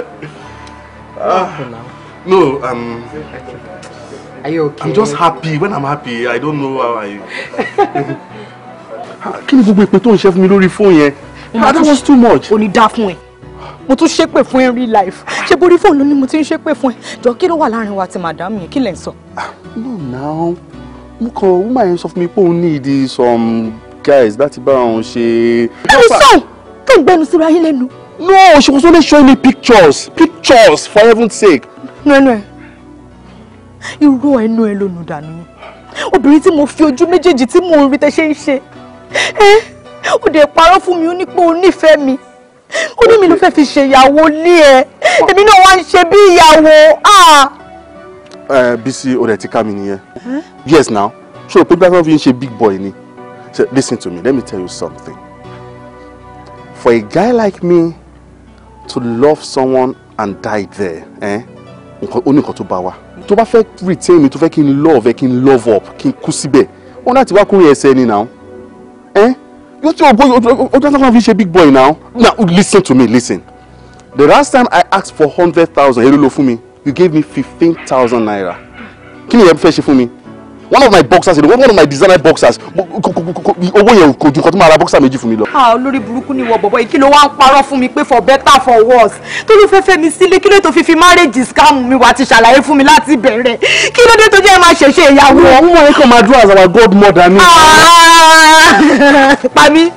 [sighs] ah. No, um. Are you okay? I'm just happy. When I'm happy, I don't know how I.
Can you gbogbo ìpè tó ń ṣe fún mi lórí fóònù yẹn? That was too much. Only ní dá fún ẹ. Mo tún ṣépè fún ẹ in real life. Ṣé borí phone, ló ní mo ti ń ṣépè fún ẹ? Jọ kí ló wà láàrin wa àti màdámù yẹn? Kí lẹ̀ ń ah, No now,
mo kàn wúmà yẹn sọ fún mi pé òun need some guys that bá on ṣe. Ẹni sọ̀n kí n gbẹnu síra yín No, she was only showing me pictures pictures for heaven's sake
nu ẹnu ẹ irú ẹnu ẹ lónìí dànù yín obìnrin tí mo fi ojú méjèèjì tí mo rí tẹ ṣe ń ṣe ẹ ó dẹ̀ parọ́ fún mi ó ní pé ó nífẹ̀ẹ́ mi ó ní mi ló fẹ́ẹ́ fi ṣe ìyàwó lé ẹ èmi náà wá ń ṣe bí ìyàwó.
Bísí o rẹ̀ ti ká mi nìyẹn yes now ṣé o pé bí wọ́n fi ń ṣe big boy ni so listen to me let me tell you something for a guy like me to love someone and die there. Eh? ó ní nǹkan tó bá wa tó bá fẹ́ retain mi tó fẹ́ kí n love ẹ kí n love up kí n kú síbẹ̀ wọn láti wá kúrin ẹsẹ̀ ni now ẹ yóò tí o gbóyè ojú ọjọ́ kan fi ṣe big boy now now listen to me listen the last time I asked for hundred thousand èló ló fún mi you gave me fifteen thousand naira kí ni ìyẹn fẹ́ ṣe fún mi one of my boxers you know one of my designer boxers owó yẹn kò ju nǹkan tó máa ra boxer méjì fún mi lọ. a
ah, olórí burúkú ni ìwọ bọ̀bọ̀ yìí kí ló wá ń parọ́ fún mi pé for better for worse tó ló fẹ́ẹ́ fẹ́ mi sílé kí ló tó fi fi marriage scam mi wá ti ṣàlàyé fún mi láti bẹ̀rẹ̀ kí ló dé tó jẹ́ máa ṣẹ̀ṣẹ̀ ìyàwó. ọmọ yẹn kàn máa dúró as our godmother ni. Ah! [laughs] pa mí.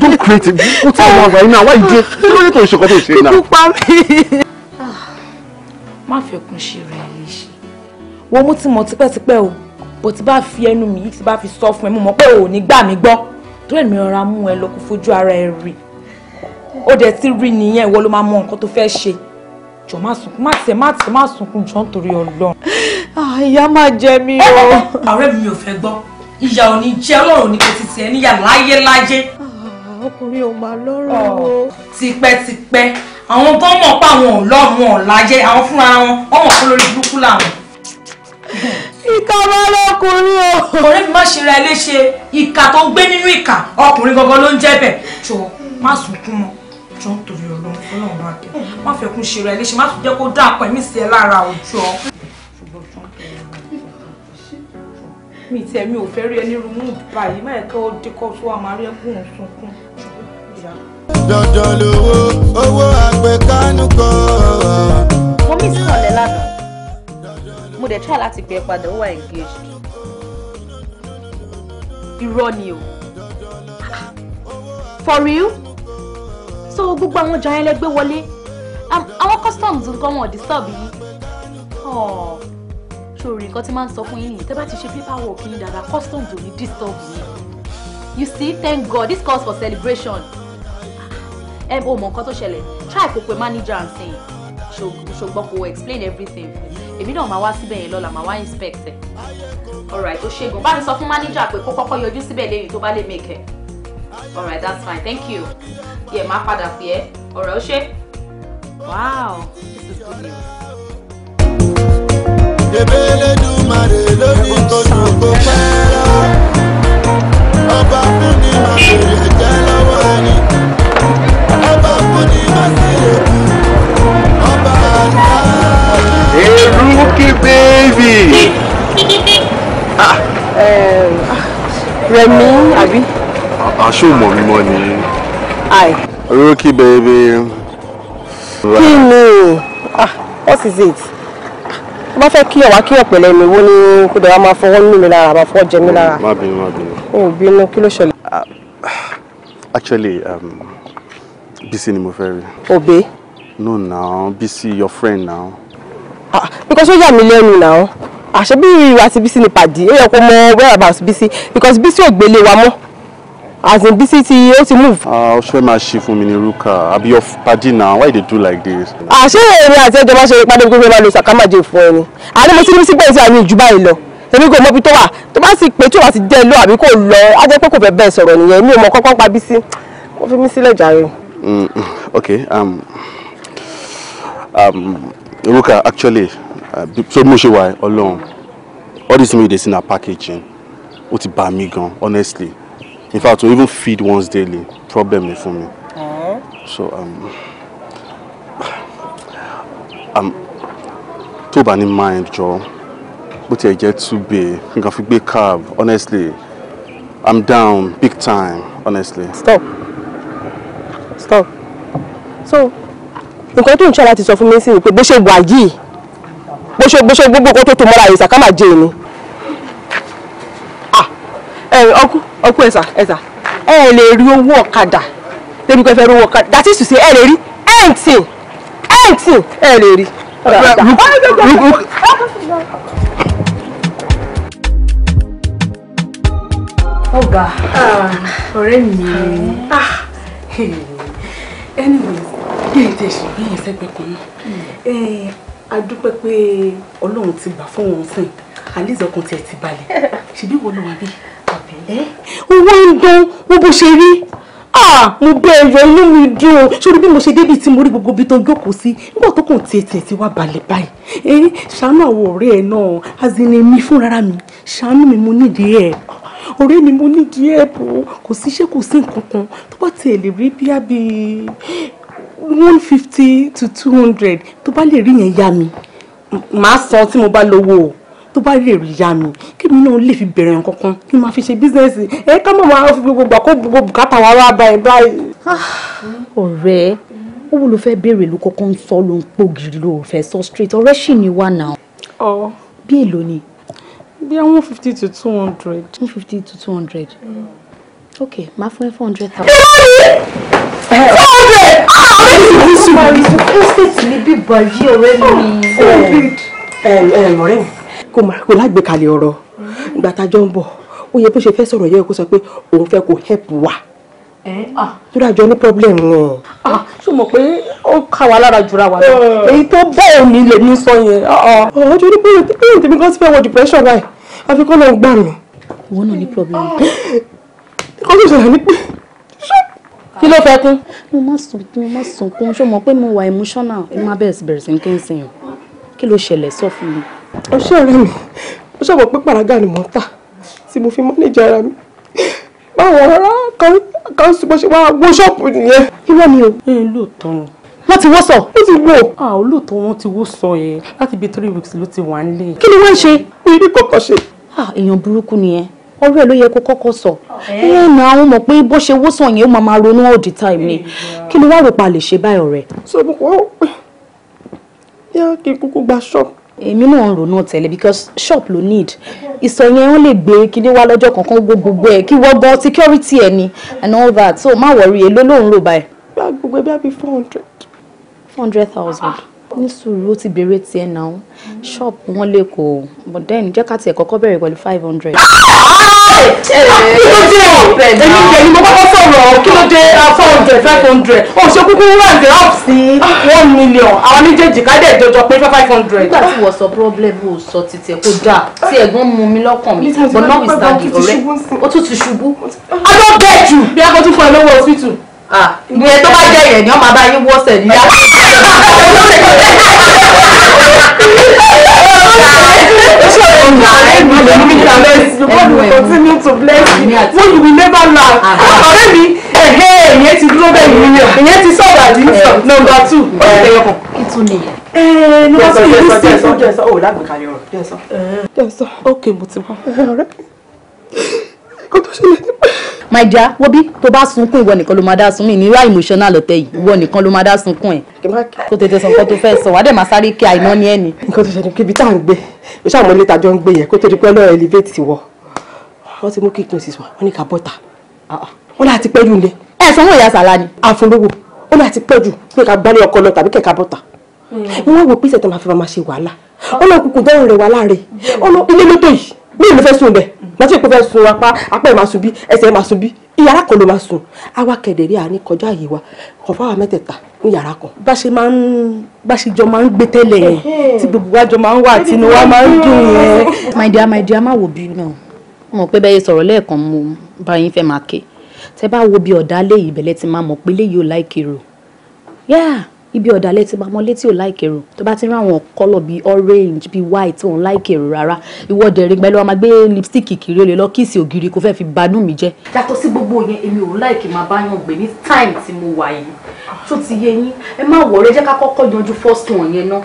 don't create it o tí àwọn àgbà yìí náà you ìdí kí ló dé tó ń ṣe kọ́ tó ń ṣe náà. kíkú pa mí.
Ah, má fẹ́ kun ṣe rẹ̀ wo mú ti mọ̀ tipẹ́tipẹ́ o bó ti bá fi ẹnu mi ti bá fi sọ fún ẹ mo mọ̀ pé o ò ní gbà mí gbọ́ torí èmi ọ̀ra mú ẹ lọ kó fojú ara ẹ rí ó dẹ̀ ti rí nìyẹn ìwọ ló máa mọ nǹkan tó fẹ́ ṣe jọ má sunkún má tẹ má tẹ má sunkún jọ nítorí Ọlọ́run. Ah, ìyá máa jẹ mí o. ọ̀rẹ́ mi ò fẹ́ gbọ́ ìyá ò ní jẹ́ ọlọ́run ní kò ti tiẹ̀ níyà láyé láyé.
Ah, ọkùnrin ò máa lọ́rọ̀ o. Oh,
tipẹ́tipẹ́ àwọn tó mọ̀ pa àwọn ò lọ́rùn ọ̀ láyé àwọn fúnra wọn wọ́n mọ̀ pé lórí burúkú làwọn ìka máa lọkùnrin o. ọ̀rẹ́ mi má ṣe ra ilé ṣe ìka tó ń gbé nínú ìka ọkùnrin gangan ló ń jẹ́ bẹ̀. jọ má sunkún mọ́ jọ ń torí ọlọ́run fọlọ́run bá kẹ́ má fẹ́ kún ṣe ra ilé ṣe má tún jẹ́ kó dá àpọ̀ ẹ̀mí sí ẹ lára òjò. mi tẹ mi ò fẹ́ rí ẹni rúmú báyìí má yẹ kí ó dé tó wà máa rí ẹkún òun sunkún.
dandan lowó owó àgbẹ̀kánú kan. mo dẹ̀ try láti pè é padà ó wà
engaged irọ́ ni o for real so gbogbo àwọn ọjà yẹn lẹ gbé wọlé àwọn customs nǹkan wọn disturb yìí oh, sórí nǹkan tí máa ń sọ fún yín nìyí tẹ́ bá ti ṣe paper work yín dáadáa customs ò ní disturb yín you see thank god this calls for celebration ẹ ah, ò mọ nǹkan tó ṣẹlẹ̀ try kó pe manager and sìn ṣùgbọ́n kó explain everything fún yín èmi náà máa wá síbẹ̀ yẹn lọ́la máa wá inspect ẹ̀ alright ó ṣègùn bá mi sọ fún manager pé kó kọ́kọ́ yọjú síbẹ̀ lẹ́yìn tó bá lè make ẹ̀ alright that's fine thank you yẹ máa padà pè ẹ́ ọ̀rẹ́ ó ṣe wow
ebele dumare lórí kojú kó pẹ́ ọba fún ni màá bèrè jẹ́ lọ́wọ́ ẹni ọba fún ni màá
sì rè ọba àná. Rookie baby. [laughs] Ah. Um, Rẹ̀mí àbí. show
mímọ́ money. Ai. Rookie baby. Kí
ni? Ah, what is it? Tó bá fẹ́ kí ọ̀wá kí ọ̀pẹ̀lẹ̀ mi wó ní kó dẹ̀ wá máa fọwọ́ nù mí lára, máa fọwọ́ jẹ I'm lára.
Má bínú, má bínú.
Mi ò bínú, kí ló ṣẹlẹ̀? Ah,
actually, um, Bísí ni mo fẹ́ rí. Òbí. No now, Bísí your friend now.
Ah, because ó yà mí lẹ́nu náà àṣẹ ah, bí ìwà ti Bísí ni pàdé ó yẹ kó where whereabouts Bísí because Bísí ò gbélé wa mọ́ as in Bísí ti ó ti move.
Ah, ó ṣe máa ṣe fún mi ní ruka àbí your pàdé náà why they do like this.
àṣé èmi àti ẹjọ́ máa ṣe ìpàdé gbogbo máa lo sàkámàjẹ fún ẹni àní mo ti ní Bísí pé èsì àní ìjú báyìí lọ èmi kò mọ ibi tó wà tó bá sì pé tó wà sí dẹ́ lọ àbí kò lọ á jẹ́ pé kò be bẹ́ẹ̀ sọ̀rọ̀ nìyẹn mi ò mọ kọ́kọ́ pa Bísí kó fi mí sílẹ̀ jàre.
Mm, mm, okay um, um, Eruka, actually, uh, so much why alone? All this meat is in na packaging. Ó a bad mí honestly. In fact, to even feed once daily, problem for me. So, um, um, tó bá ní mind jọ, bó tiẹ̀ jẹ́ túbẹ̀, nǹkan fi be carb, honestly, I'm down big time, honestly.
Stop. Stop. So, nǹkan tó ń ṣe láti sọ fún mi sí ni pé bó ṣe wà yìí bó ṣe bó ṣe gbogbo kó tó tó mọ́ra ìsà ká má jẹ èmi. Ah, ọkú ọkú ẹ̀sà ẹ̀sà ẹ lè rí owó ọ̀kadà débi pé ẹ fẹ́ rí owó ọ̀kadà dàtí sùsì ẹ lè rí ẹ̀ǹtì ẹ̀ǹtì ẹ lè rí. ọ̀gá ọ̀rẹ́ mi ah. Ah. anyway bí ṣe bí èyí kan náà a dúpẹ́ pé ọlọ́run ti gbà fún wọn sìn alice ọkàn tiẹ̀ ti balẹ̀ [laughs] ṣèbí wo ló wà bí. owó ń dán wo bó ṣe rí mo bẹ ẹyọ inú mi dùn o sórí bí mo ṣe débi tí mo rí gbogbo ibi tó jókòó sí nígbà tó kàn tiẹ̀ tiẹ̀ ti wá balẹ̀ báyìí ṣàánú àwọn ọ̀rẹ́ ẹ̀ náà azìnrín mi fúnra mi ṣàánú mi mo nídìí ẹ̀ ọ̀rẹ́ mi mo nídìí ẹ̀ bò kò sí ṣé kò sí nǹkan kan tó bá tiẹ̀ lè rí bíá one fifty to two hundred tó bá lè rí yẹn yá mi màá san tí mo bá lówó o tó bá lè rí yá mi kí mi náà lè fi bẹ̀rẹ̀ nǹkan kan kí n máa fi ṣe bísíǹsì ẹ ká mọ̀ máa fi gbogbo àkó gbogbo bùkátà wa wá báyìí báyìí. Ah, ọ̀rẹ́ ó wù ló fẹ́ béèrè ló kọ́kọ́ ń sọ ló ń pò ló fẹ́ sọ straight ọ̀rẹ́ sì ni wà náà. ọ bí èlò ni. bí i one fifty to two hundred. one fifty to two hundred. Mm. ok máa fún ẹ four hundred thousand hundred. àwọn méjì ló ń sùn. ọmọ mi sùn estate ní bíbá yí ọ̀rẹ́ mi. ọ̀rẹ́ mi kò oh, eh. eh, eh, máa kó lágbèkalẹ̀ ọ̀rọ̀ ìgbà tá a jọ ń bọ̀ ó yẹ bó ṣe fẹ́ sọ̀rọ̀ yẹ kó sọ pé òun fẹ́ kó help wa ah. tó dájọ́ ní pọ́blẹ́mù wọn. Ah, ṣé mo pé ó ká wa lára jura wa lọ èyí tó bẹ́ ò ní Ah, ní sọ yẹn. ọjọ́ ah, ní oh, pé èyí tèmi kan ti fẹ́ wọ depression báyìí àfikún náà gbà mí. wọn náà ní pọ́blẹ́mù. ọjọ́ ìṣẹ̀lẹ̀ ní pé kí ló fẹ́ kún. mo má sunkún mo má sunkún ṣó mọ̀ pé mo wà emotional ẹ má bẹ̀rẹ̀ bẹ̀rẹ̀ sí kí n sìn yàn kí ló ṣẹlẹ̀ sọ fún mi. ọṣẹ ọ̀rẹ́ mi ó ṣàmọ pé pàrágà ni mò ń tà tí mo fi mọ́nẹ́jà ara mi báwo rárá kan sì bó ṣe wá wó ṣọ́ọ̀pù nìyẹn. irọ́ mi o. ẹ lóòótọ́ wọ́n ti wó sọ. ó ti wó. a ò lóòótọ́ wọn ti wó sọ yẹn láti bíi three weeks ló ti wà nílé.
kí ni wọ́n ń ṣe. mi rí kọ̀ọ̀kan ṣe.
èèyàn burúkú nìyẹn ọ̀rọ̀ ẹ ló yẹ kó kọ́kọ́ sọ ẹ nà àwọn mọ̀ pé bó ṣe wó sàn yẹn ó máa máa ronú all the time ni kí ló wá rò pa lè ṣe báyìí ọ̀rẹ́. so mo kọ́ yá kí n kúkú gba shop. èmi náà ń ronú tẹ́lẹ̀ because shop lo need ìsọ yẹn wọ́n lè gbé kíní wá lọ́jọ́ kankan gbogbo ẹ̀ kí wọ́n gbọ́ security ẹ̀ ni and all that so má wọrí èló ló ń rò báyìí. gbàgbọ́ gbẹ bí i four hundred. four hundred thousand ní sùúrù ó ti béèrè tiẹ̀ náà ṣọ́ọ̀bù wọn lè kó but then jẹ́ ká tiẹ̀ kọ́kọ́ bẹ̀rẹ̀ pẹ̀lú five hundred. kí
ló dé èmi jẹ ni mo kọ́kọ́ sọ̀rọ̀ kí ló dé four
hundred five hundred o ṣe kúkú round up sí one million àwọn méjèèjì ká dẹ̀ jọjọ pé five hundred. nígbà tí wọ́n problem o sọ títí ẹ̀ kó dáa tí ẹ̀gbọ́n mú mi but now is that the ọ̀rẹ́ ó tún ti ṣubú. a lọ bẹ́ẹ̀ jù bí a kò tún fún ẹ lọ́wọ́ hospital. ìyẹn tó bá jẹ́ ìyẹn ni wọ́n máa bá yín wọ́sẹ̀ níyà. you ọ̀rẹ́ mi you need to bless you God you continue to bless you when you will never laugh ọ̀rẹ́ mi ẹ̀hẹ́ ìyẹn ti dúró bẹ́ẹ̀ yìí ìyẹn ti sọ̀rọ̀ àdí number two ọ̀rẹ́yọkọ̀. ẹ̀ẹ́ number yes, yìí Oh, that's the carrier. Yes, ọ̀rọ̀ jẹ́sán. jẹ́sán ok mo ti wá ọ̀rẹ́ mi kò tó ṣẹlẹ̀ nípa [laughs] my dear wo bí tó bá sunkún ìwọ nìkan ló máa dá sun mí nírú emotional ọ̀tẹ̀ yìí ìwọ nìkan ló máa dá sunkún ẹ̀. tó tètè sọ nǹkan tó fẹ́ sọ wà á dẹ̀ máa sáré kí àìná ní ẹni. nǹkan tó ṣẹlẹ̀ kíbi tá à ń gbé o ṣáà mọ ilé tàjọ ń gbé yẹn kó tó di pẹ́ lọ́ọ́ elevate wọ wọ́n ti mú kí ìpín sísun wọ́n ní ká bọ́ta wọ́n ah, ah. láti pẹ́ jù ní. ẹ sanwó ìyá sàlá ni. àfọlọ́wọ́ ó láti pẹ́ jù pé ká gbálẹ̀ ọkọ lọ tàbí kẹ̀kẹ́ bọ́ta wọ́n hmm. wò pé ìṣẹ̀tẹ̀ máa fi máa ṣe wàhálà ọlọ́kùnkùn dẹ́rùn rẹ̀ wàhálà hmm. rẹ̀ bí ìlú fẹ́ sùn bẹ̀ màtí ìpò fẹ́ sùn apá apá ẹ̀ máa sùn bí ẹsẹ̀ ẹ̀ máa sùn bí iyàrá kan ló máa sùn àwa kẹ̀dẹ̀rí àní kọjá àyè wa ọ̀fọ̀ àwa mẹ́tẹ̀ẹ̀ta ní yàrá kan. bá ṣe máa ń bá ṣe jọ máa ń gbé tẹ́lẹ̀ yẹn tí gbogbo wa máa ń wà tí wa máa ń dùn yẹn. my dear my dear má wo bí náà mo pé bẹ́ẹ̀ sọ̀rọ̀ lẹ́ẹ̀kan mo bá yín fẹ́ máa ké tẹ bá wo bí ọ̀dà léyìí bẹ̀lẹ́ ti máa mọ̀ pé léyìí ò láìkiri o yeah ibi ọ̀dàlẹ̀ ti máa mọ létí ò láìkè rò tó bá ti rí àwọn kọ́lọ̀ bíi orange bíi white òun láìkè rò rárá ìwọ dẹ̀rin pẹ̀lú ọmọ gbé lipstick kiri olè lọ kíìsì ògiri kò fẹ́ fi banú mi jẹ́. yàtọ̀ sí gbogbo yẹn èmi ò láìkè máa bá yàn gbé ní time tí mo wà yìí tó ti yé yín ẹ má wọ̀ọ́rẹ́ jẹ́ ká kọ́kọ́ yanjú first one yẹn náà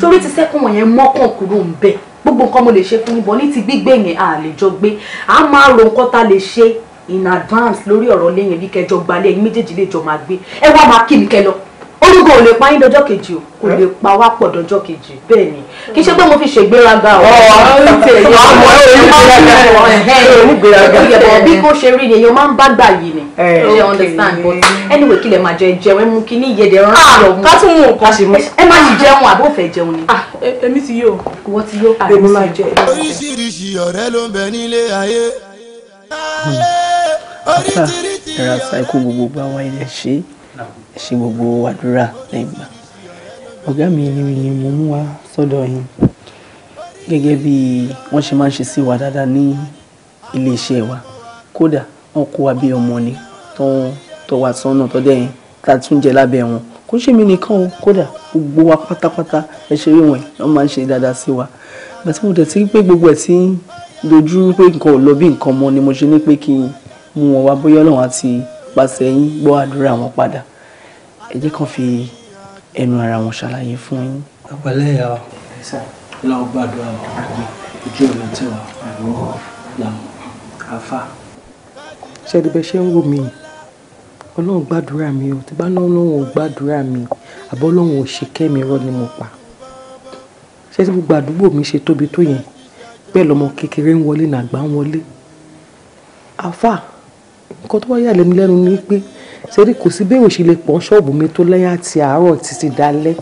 sórí mm. ti second one yẹn mọ́kàn kúrò ń bẹ̀ gbogbo nǹkan mo lè ṣe fún ibọ̀ ní ti gbígbé yẹn a lè jọ gbé a máa ro nǹkan ta lè ṣe in advance lórí ọ̀rọ̀ lẹ́yìn bí kẹjọ gbalẹ̀ ẹ̀yin méjèèjì lè jọ máa gbé ẹ wá máa kí mi kẹ lọ orúkọ ò lè pa yín dọjọ́ kejì o kò lè pa wá pọ̀ dọjọ́ kejì bẹ́ẹ̀ ni kì í ṣe pé mo fi ṣègbéraga o. bí kò ṣe rí ni èèyàn máa ń bá gbà yìí ni ṣe understand but anyway kí lè máa jẹ jẹun ẹ mú kí ní ìyẹ̀dẹ̀ rán sí ah, ọ̀hún. ká tún mú nǹkan ṣe mú. ẹ má
ti jẹun àbó fẹ́ jẹun ni. Ah, èmi ti yó. ìwọ ti yó. Ah, èmi ẹ̀rọ hmm. àṣà
ikú gbogbo gbà wáyé ṣe ṣe gbogbo àdúrà lẹ́gbà ọ̀gá mi ni mo mú wá sọ́dọ̀ yín gẹ́gẹ́ bí wọ́n ṣe máa ń ṣe sí wa dáadáa ní iléeṣẹ́ wa kódà wọ́n kó wa bí ọmọ ni tó tọ́ wa sọ́nà tó dẹ̀ ta tún jẹ lábẹ́ wọn kò ṣe mí nìkan o kódà gbogbo wa pátápátá ẹ ṣe rí wọn wọ́n máa ń ṣe dáadáa sí wa bàtí mo dẹ̀ ti pé gbogbo ẹ̀ ti dojú pé nǹkan ò lọ bí nǹkan mọ́ ni mo ṣe ní pé kí n mú wọn wá bóyá Ọlọ́run àti pàṣẹ yín gbọ́ àdúrà wọn padà ẹ jẹ́ kàn fi ẹnu ara wọn ṣàlàyé fún yín.
ọ̀pẹ̀lẹ́ ìyá wa lọ́wọ́ gbàdúrà wa ojú ọ̀nà tí wa làwọn afá.
ṣẹ́ni bẹ́ẹ̀ ṣe ń wò mí ọlọ́run gbàdúrà mi o tí bá náà ọlọ́run ò gbàdúrà mi àbọ̀ ọlọ́run ò ṣe kẹ́mi rọ́ ni mo pa ṣé tí gbogbo àdúgbò mi ṣe tóbi tó yẹn bẹ́ẹ̀ lọ́mọ kékeré ń wọlé nàgbà ń wọlé àfà nǹkan tó wáyà lẹ́nu lẹ́nu ni pé sẹ́rí kò sí béèyàn ṣe lè pọ́n ṣọ́ọ̀bù mi tó lẹ́yìn àti àárọ̀ títí dalẹ́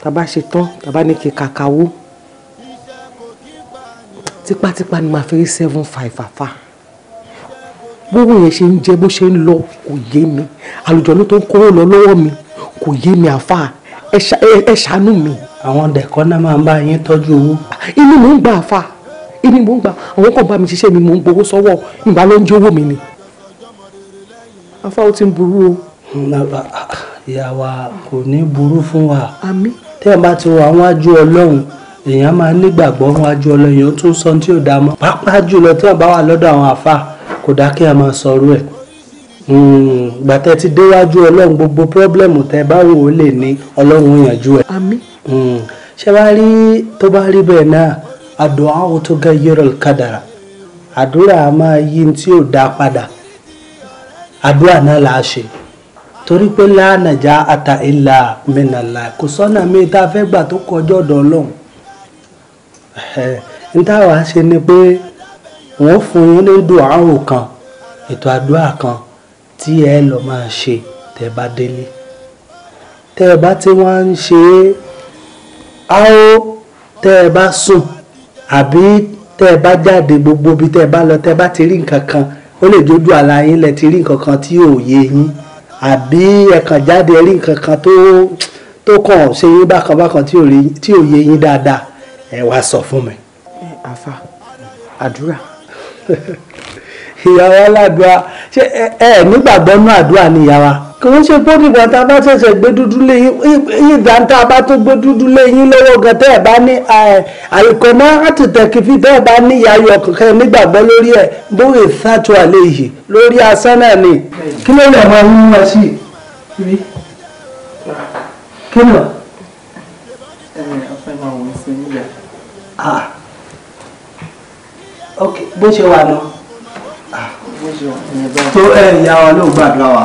tàbá ṣe tán tàbá ní kí kàkàwó tipátipá ni màá fi seven five àfa bówó yẹn ṣe ń jẹ bó ṣe ń lọ kò yé mi àlùjọ ló tó ń kówó lọ lọ́wọ́ mi kò yé mi àfa ẹ ṣàánú mi. àwọn dẹ̀kọ́ náà máa ń bá yín tọ́jú owó. inú mò ń gbà àfa inú mò ń gbà àwọn kan bá mi ṣiṣẹ́ mi mò ń gbowó sọ́wọ́ ìgbà ló ń jẹ́ mi ni afá ó ti ń burú o. Ah, ìyá wa kò ní burú fún wa tẹ́ ẹ bá ti wọ àwọn ajú ọlọ́run èèyàn máa nígbàgbọ́ wọn ajú ọlọ́run èèyàn tún sọ tí ò dá mọ́ pàápàá jùlọ tí wọ́n bá wà lọ́dọ̀ àwọn àfa kò dá kí a máa sọ̀rọ̀ ẹ̀ hmm, gbàtẹ́ ti déwájú ọlọ́run gbogbo pírọ́blẹ́mù tẹ́ báwo ó lè ní ọlọ́run yànjú ẹ̀. Hmm, ṣé wàá rí tó bá rí bẹ́ẹ̀ náà àdúà àwọn tó gẹ́ yọ̀rọ̀ kádàrà àdúrà máa yí tí ò dá padà àdúrà náà là á ṣe torí pé lánàá ata ìlà mìnàlá kò sọ́nà mi tá a fẹ́ gbà tó kọjọ́ ọ̀dọ̀ ọlọ́run n táwa ṣe ni pé wọ́n fún yín ní dùn àrùn kan ètò àdúrà kan tí ẹ lọ máa ṣe tẹ́ bá délé
tẹ́ ẹ bá tí wọ́n ń ṣe é á ó bá sùn
àbí tẹ́ bá jáde gbogbo ibi tẹ́ bá lọ tẹ́ bá ti rí nǹkan kan ó lè dojú àlá yín lẹ ti rí nǹkan kan tí ò yé yín àbí ẹ̀kàn jáde rí nǹkan kan tó tó kàn ṣe yín bákan bákan tí ò yé yín dáadáa ẹ wá sọ fún mi. àfa àdúrà. [laughs] ìyàwó aládùá ṣé ẹ nígbàgbọ́ nú àdúrà ni ìyàwó kì í ṣe bó dìgbà tá a bá ṣẹ̀ṣẹ̀ gbé dúdú lé yín ìdá tá a bá tún gbé dúdú lé yín lọ́wọ́ gan tẹ́ ẹ̀ bá ní àìkọ́nà àtìtẹ̀kìfì tẹ́ ẹ̀ bá ní ìyáyọ kankan nígbàgbọ́ lórí ẹ̀ bóyè sátú àlẹ́ yìí lórí asán náà ni. kí ló lè máa ń mú wa sí i kí ló. bó ṣe wà lọ. tó ẹ̀ ìyá wa ló gbàdúrà wa.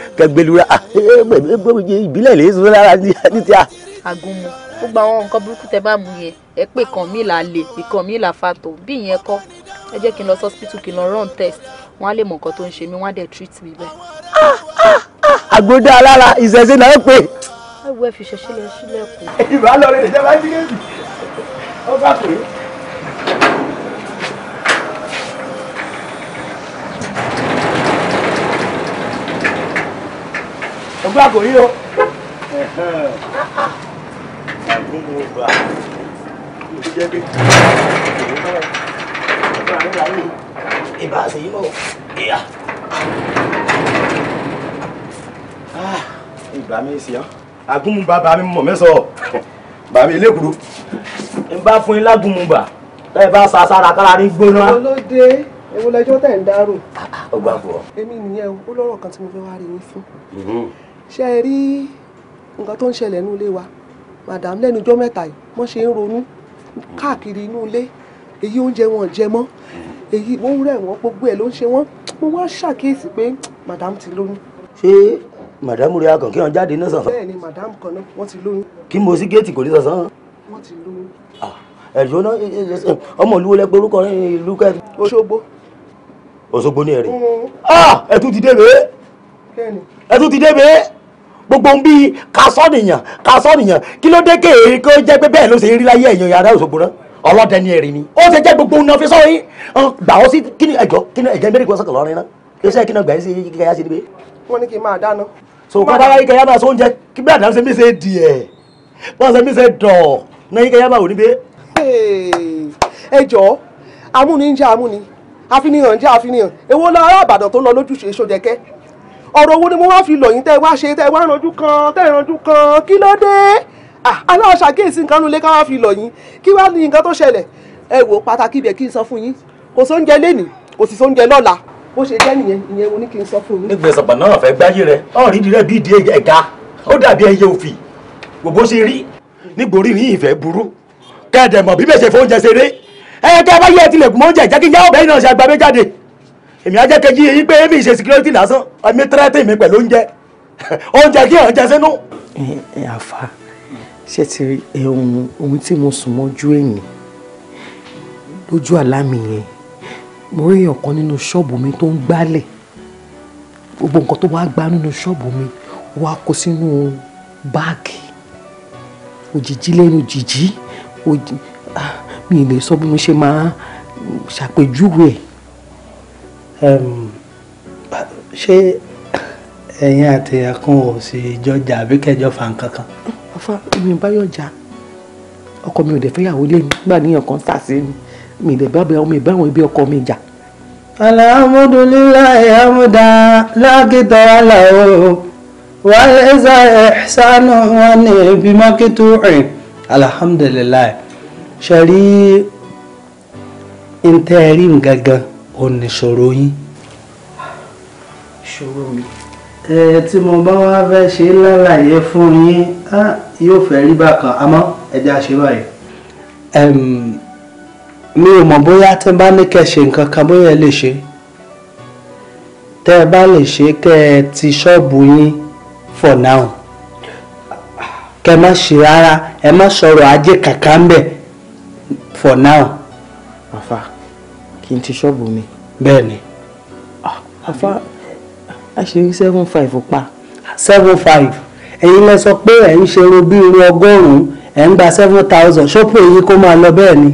kẹgbẹlura ah, eh, eh, eh, ìbílẹ̀ lè sọ lára
ní ti a. àgùnmu gbogbo àwọn nǹkan burúkú tẹ bá mú yẹn ẹ pé kàn mí là lè ìkàn mí là fàtó bí ìyẹn kọ́ ẹ jẹ́ kí n lọ hospital kí n lọ run test wọ́n á lè mọ̀ nǹkan tó ń ṣe mí wọ́n á dẹ̀ treat mi bẹ́ẹ̀. Ah, ah, àgbòdà alára ìṣẹ̀ṣẹ̀ náà pè. ẹ wo ẹ fi ṣẹṣẹ lẹ sílẹ̀ kù. ìbálòrin ìjọba ti
kéde ó pè é. ẹ̀gbọ́n àgò yìí o.
àgùnbò gbà ló jẹ́ pé ìbá àṣẹ yìí mọ̀ ìyá. Ah, ìgbà mi sì yán àgùnmu bàbá mi mọ̀ mẹ́sọ̀ bàbá elékuru ń bá fún yín lágùnmu bà láì bá sa sára kára ní gbóná. olóde èwo lẹjọ́ tẹ̀ ń dárò. ọgbà ah, ah, bọ̀. èmi nìyẹn o ó lọ́rọ̀ kan tí mo fẹ́ wá rí yín fún. Mhm ṣe é rí nǹkan tó ń ṣẹlẹ̀ nínú ilé wa madam lẹ́nu ọjọ́ mẹ́ta yìí wọ́n ṣe ń ronú káàkiri inú ilé èyí oúnjẹ wọn jẹ mọ́ èyí wọ́n rẹ̀ wọ́n gbogbo ẹ̀ ló ń ṣe wọ́n mo wá ṣàkíyèsí pé madam ti lóyún. ṣé madam rí akàn kí wọn jáde náà sàn. bẹ́ẹ̀ ni madam kan náà wọ́n ti lóyún. kí mo sí géètì kò ní sàn sàn. wọ́n ti lóyún. ẹ̀jọ̀ náà ọmọ ìlú wọlé porúkọ ìlú kẹ́. Òṣogbo. Òṣogbo ni ẹ̀rí. Mm-hmm. ẹ tún ti débè. ẹ tún ti débè gbogbo ń bí kasọ́ nìyàn
kasọ́ nìyàn kí ló dé kéèké kó jẹ́ pé bẹ́ẹ̀ ló ṣe rí láyé ẹ̀yàn yàrá òṣogbo náà ọlọ́dẹ ni ẹ̀rí ni ó ṣe jẹ́ gbogbo ń nàfẹ́ sọ́ọ́ yín gbà ọ́ sí kí ni ẹ̀jọ́ kí ni ẹ̀jẹ̀ mẹ́rin kí wọ́n sọ̀kọ̀ lọ́rin náà iṣẹ́ kí náà gbà yín sí kí kẹ́yà sí níbí. wọ́n ní kí n máa dáná. so kọ́dá yín kẹ́yà máa sọ oúnjẹ kí bí àdáńsẹ́ mi ṣe dì
ẹ̀ wọ́n ṣe mi ṣe dọ̀ náà yín kẹ́yà máa wò níbí. ẹ jọ̀ọ́ amúni ń jẹ́ amúni àfinihàn jẹ́ àfinihàn èwo lọ ará Ìbàdàn tó lọ lójúṣe sójẹ́kẹ́ ọ̀rọ̀ wo ni mo wá fi lọ̀ yín tẹ́ ẹ wá ṣe tẹ́ ẹ wá ranjú kan tẹ́ ẹ ranjú kan kí ló dé aláwọ̀ ah, ṣàkíyèsí nǹkan nulẹ̀ ká wá fi lọ̀ yín kí wá ní nǹkan tó ṣẹlẹ̀ ẹ wò pàtàkì ibẹ̀ kí n sọ fún yín kò sóúnjẹ lénìí kò sì sóúnjẹ lọ́la bó ṣe jẹ́ nìyẹn ìyẹn mo ní kí n sọ fún yín. nígbà
ìsọ̀pọ̀ náà fẹ́ gbáyé rẹ ọ̀rí rẹ bí ìdí ẹ̀ga ó dàbí ẹyẹ òfì
gbogbo ṣe rí nígbòrí ní ìfẹ́ burú kẹ́ẹ̀dẹ̀ bí bẹ́ẹ̀ ṣe fóúnjẹ ṣeré
ẹ̀ẹ́dẹ́ tilẹ̀kùn mọ́ oúnjẹ jẹ́ kí náà ṣe èmi á jẹ́ kejì yìí pé èmi ìṣe security lásán èmi tẹ́rẹ́tì mi pẹ̀lú oúnjẹ oúnjẹ kí ọ̀jẹ̀ sínú.
ẹ àfa ṣe ti rí ohun ohun tí mo sùn mọ́jú èmi lójú àlá mi yẹn mo rí èèyàn kan nínú ṣọ́ọ̀bù mi tó ń gbálẹ̀ gbogbo nǹkan tó wá gbá nínú ṣọ́ọ̀bù mi wá kó sínú báàgì òjijì lẹ́nu òjijì ah, mi ì lè sọ bí mo ṣe máa ṣàpèjúwe ẹ̀ ṣé ẹ̀yin àti ẹ̀kún ò sì jọjà àbí kẹjọ fa nǹkan kan. ọ̀fà mi ò bá yọjà ọkọ mi ò dẹ̀ fẹ́yàwó lé mi nígbà níyàn kan sà sí mi mi ìdẹ̀ bá mi ìbá àwọn ibi ọkọ mi jà. alhamdulilayi hamda lakita alawo wàlẹ́sà ẹ̀sánú wọn ni ebi mákìtù rìn alhamdulilayi ṣe rí gangan ó ní ṣòro yín. ṣòro mi. ẹ tí mo bá wá fẹ́ ṣe lálàyé fún yín yóò fẹ́ rí bákan àmọ́ ẹja ṣe báyìí. mi ò mọ̀ bóyá tí n bá ní kẹ́ ṣe nǹkan kan bóyá ẹ lè ṣe tẹ́ ẹ bá lè ṣe kẹ́ ẹ ti ṣọ́ọ̀bù yín for now kẹ́ má ṣe rárá ẹ má sọ̀rọ̀ ajé kàkà ń bẹ̀ for now. Afa kí n ti ṣọ́ọ̀bù mi. bẹ́ẹ̀ni. Ah, àfa àṣírí seven five pa. seven five ẹ̀yin lẹ sọ pé ẹ̀ ń ṣe irun bí irun ọgọ́rùn-ún ẹ̀ ń gba seven thousand ṣọ́ọ̀bù èyí kó máa lọ bẹ́ẹ̀ ni.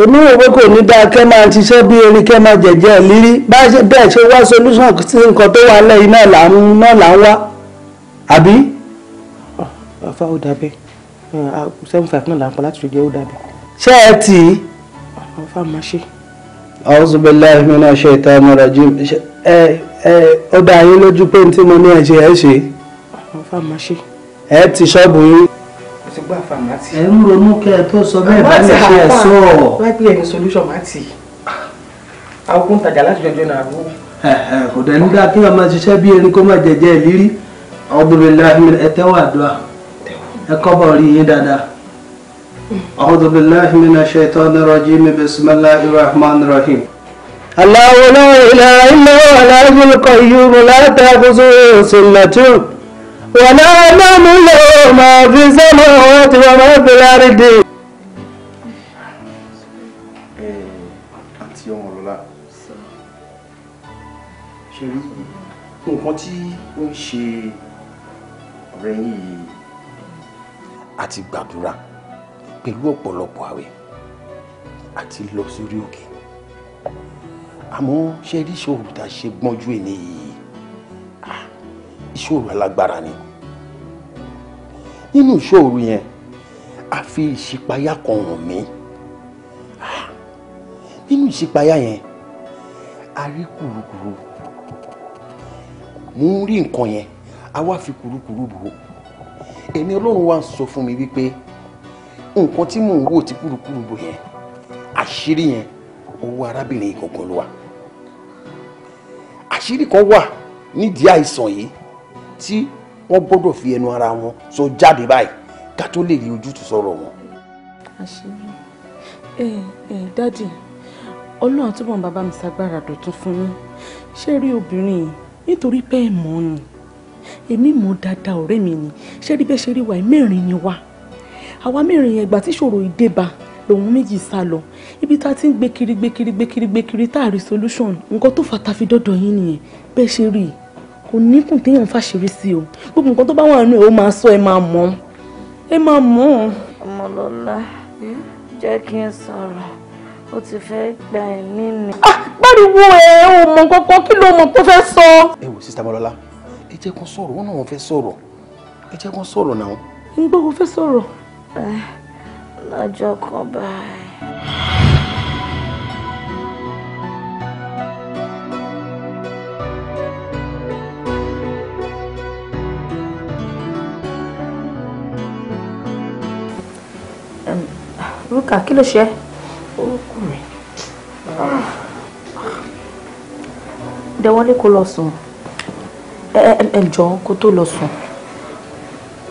èmi rò pé kò ní dáa kẹ́ máa ṣiṣẹ́ bí erin kẹ́ máa jẹ̀jẹ̀ lírí bẹ́ẹ̀ ṣe wá solution sí nǹkan tó wà lẹ́yìn náà là ń wá àbí. Ah, àfa ó dàbẹ́ ah, seven five náà là ń pa láti ṣe jẹ́ ó dàbẹ́. ṣé ẹ tì í confam máa ṣe. a'udhu billahi minash shaitani rajim ẹ ẹ ó dá yín lójú pé ní tí mo ní ẹ ṣe ẹ ṣe. confam máa ṣe.
ẹ ti ṣọ́ọ̀bù
yín ti gbà fà má ti. ẹ ń ronú kẹ ẹ tó sọ bẹ́ẹ̀ bá mi ṣe ẹ sọ. wáá pè é ní solution má ti. àwọn kò ń tajà láti jọjọ náà rú. kò dẹ̀ nígbà kí wọ́n máa ṣiṣẹ́ bí erin kó má jẹjẹ́ ìlírí ọ̀gbìn mi ẹ tẹ́wọ́ àdúrà ẹ kọ́ bọ̀ rí yín dáadáa. أعوذ بالله من الشيطان الرجيم بسم الله الرحمن الرحيم الله لا إله إلا
هو الحي القيوم لا تأخذه سنة ولا نوم له ما في السماوات وما في الأرض
nǹkan tí ó ń ṣe ọ̀rẹ́ yìí àti gbàdúrà pẹ̀lú ọ̀pọ̀lọpọ̀ àwẹ̀
àti lọ sórí òkè àmọ́ ṣe rí ìṣòro tá a ṣe gbọ́njú ẹni yìí ìṣòro alágbára ni
nínú ìṣòro yẹn a fi ìṣípayá kan hàn mí nínú ìṣípayá yẹn a rí kùrukùru mò ń rí nǹkan yẹn a wá fi kùrukùru bò
ẹ̀mí ọlọ́run wá sọ fún mi wípé nǹkan tí mò ń wò tí kúrukúru bò yẹn
àṣírí yẹn owó arábìnrin ìkọ̀ọ̀kan ló wà àṣírí kan wà nídìí àìsàn yìí tí wọ́n gbọ́dọ̀ fi ẹnu ara wọn sọ jáde báyìí ká tó lè rí ojútùú sọ̀rọ̀ wọn. àṣírí ẹ ẹ dádì ọlọ́run túbọ̀ ń bàbá mi ṣàgbára dọ̀tún fún yín ṣé rí obìnrin yìí nítorí pé ẹ mọ̀ ni èmi mọ̀ dáadáa ọ̀rẹ́ mi ni ṣé rí bẹ́ẹ̀ ṣe rí wa mẹ́rin ni wa àwa mẹ́rin yẹn ìgbà tí ìṣòro yìí dé bá lòun méjì sá lọ ibi tá a ti ń gbé kiri gbé kiri gbé kiri gbé kiri tá a rí solution nǹkan tó fà tá a fi dọ́dọ̀ yín nìyẹn bẹ́ẹ̀ ṣe rí i kò níkùn téèyàn fàṣírí sí o gbogbo nǹkan tó bá wà nínú ẹ̀ ó máa sọ ẹ máa mọ̀ ẹ máa mọ̀.
ọmọlọ́lá jẹ́ kí n sọ̀rọ̀ O ti fẹ́ gbà ẹ́ nínú.
pariwo ẹ ò mọ̀ kankan kí ló mọ̀ tó fẹ́ sọ. ẹ wò sísá ọmọlọ́lá ẹ jẹ́ kó sọ̀rọ̀ wọn náà wọ́n fẹ́ sọ̀rọ̀ ẹ jẹ́ kó sọ̀rọ̀ náà. ń gbọ́ wọ́n fẹ́ sọ̀rọ̀ lọ́jọ́ kan báyìí.
Rúkà kí ló ṣe? Orúkọ
rẹ̀. Dẹ̀wọ́lé kó lọ sùn. Ẹ ẹ ẹ jọ̀ọ́ kó tó lọ sùn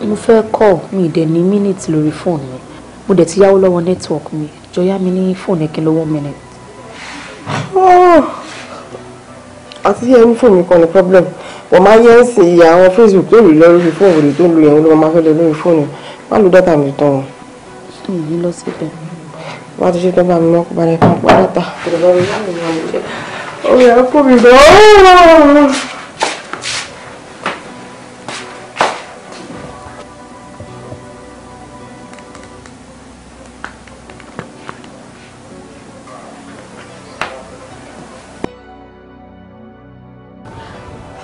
mo fẹ́ call mi dẹ̀ ní mínítì lórí fóònù mi mo dẹ̀ ti yáwó lọ́wọ́ network mi jọ yá mi ní fóònù ẹ̀kín lọ́wọ́ mínítì. àti yẹ irú fóònù kan ní problem wọ́n máa yẹ ń sin ìyá àwọn facebook tó rí lórí fóònù rẹ̀ tó ń lo ìyẹn ló máa fẹ́ lọ lórí fóònù má lo dátà mi tán o. mi ì lọ síbẹ̀. wọ́n á ti ṣe tán bá mi mọ́ kó bá rẹ̀ fún apá dátà. ó yẹ kó mi
dán.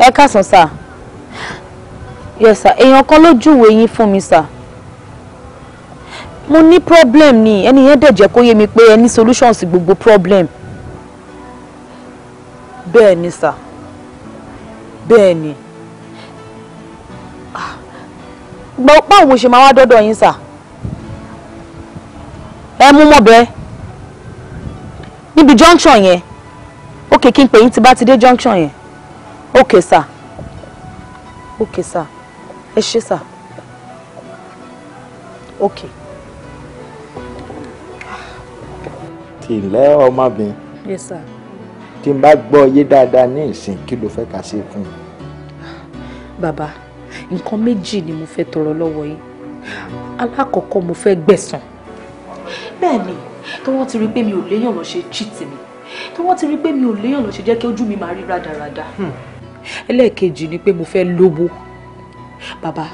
ẹ káàsán sà yes sà èèyàn kan ló júwèé yín fún mi sà mo ní problem ni ẹni yẹn dẹ̀ jẹ́ kó yé mi pé ẹ ní solution gbogbo problem bẹ́ẹ̀ ni sà bẹ́ẹ̀ ni ah. báwo mo ṣe máa wá dọ́dọ̀ yín sà ẹ mú mọ́ bẹ́ẹ̀ níbi junction yẹn ó kè kí n pè yín tí bá ti dé junction yẹn okay sir okay sir Is she, sir okay.
tìlẹ́ ọmọbìnrin. yes sir. tí n bá gbọ́ yé dáadáa ní ìsìn kí ló fẹ́ ká ṣe baba,
in bàbá nǹkan ni mo fe tọrọ lọ́wọ́ yìí alákọ̀ọ́kọ́ mo fẹ́ gbẹ̀san bẹ́ẹ̀ ni tí wọ́n ti rí pé mi ò léèyàn lọ ṣe cheat me. tí want to repay pé mi ò léèyàn lọ ṣe jẹ́ mi máa rada rada. Hmm ẹlẹ́ẹ̀kejì ni pé mo fẹ́ lówó bàbá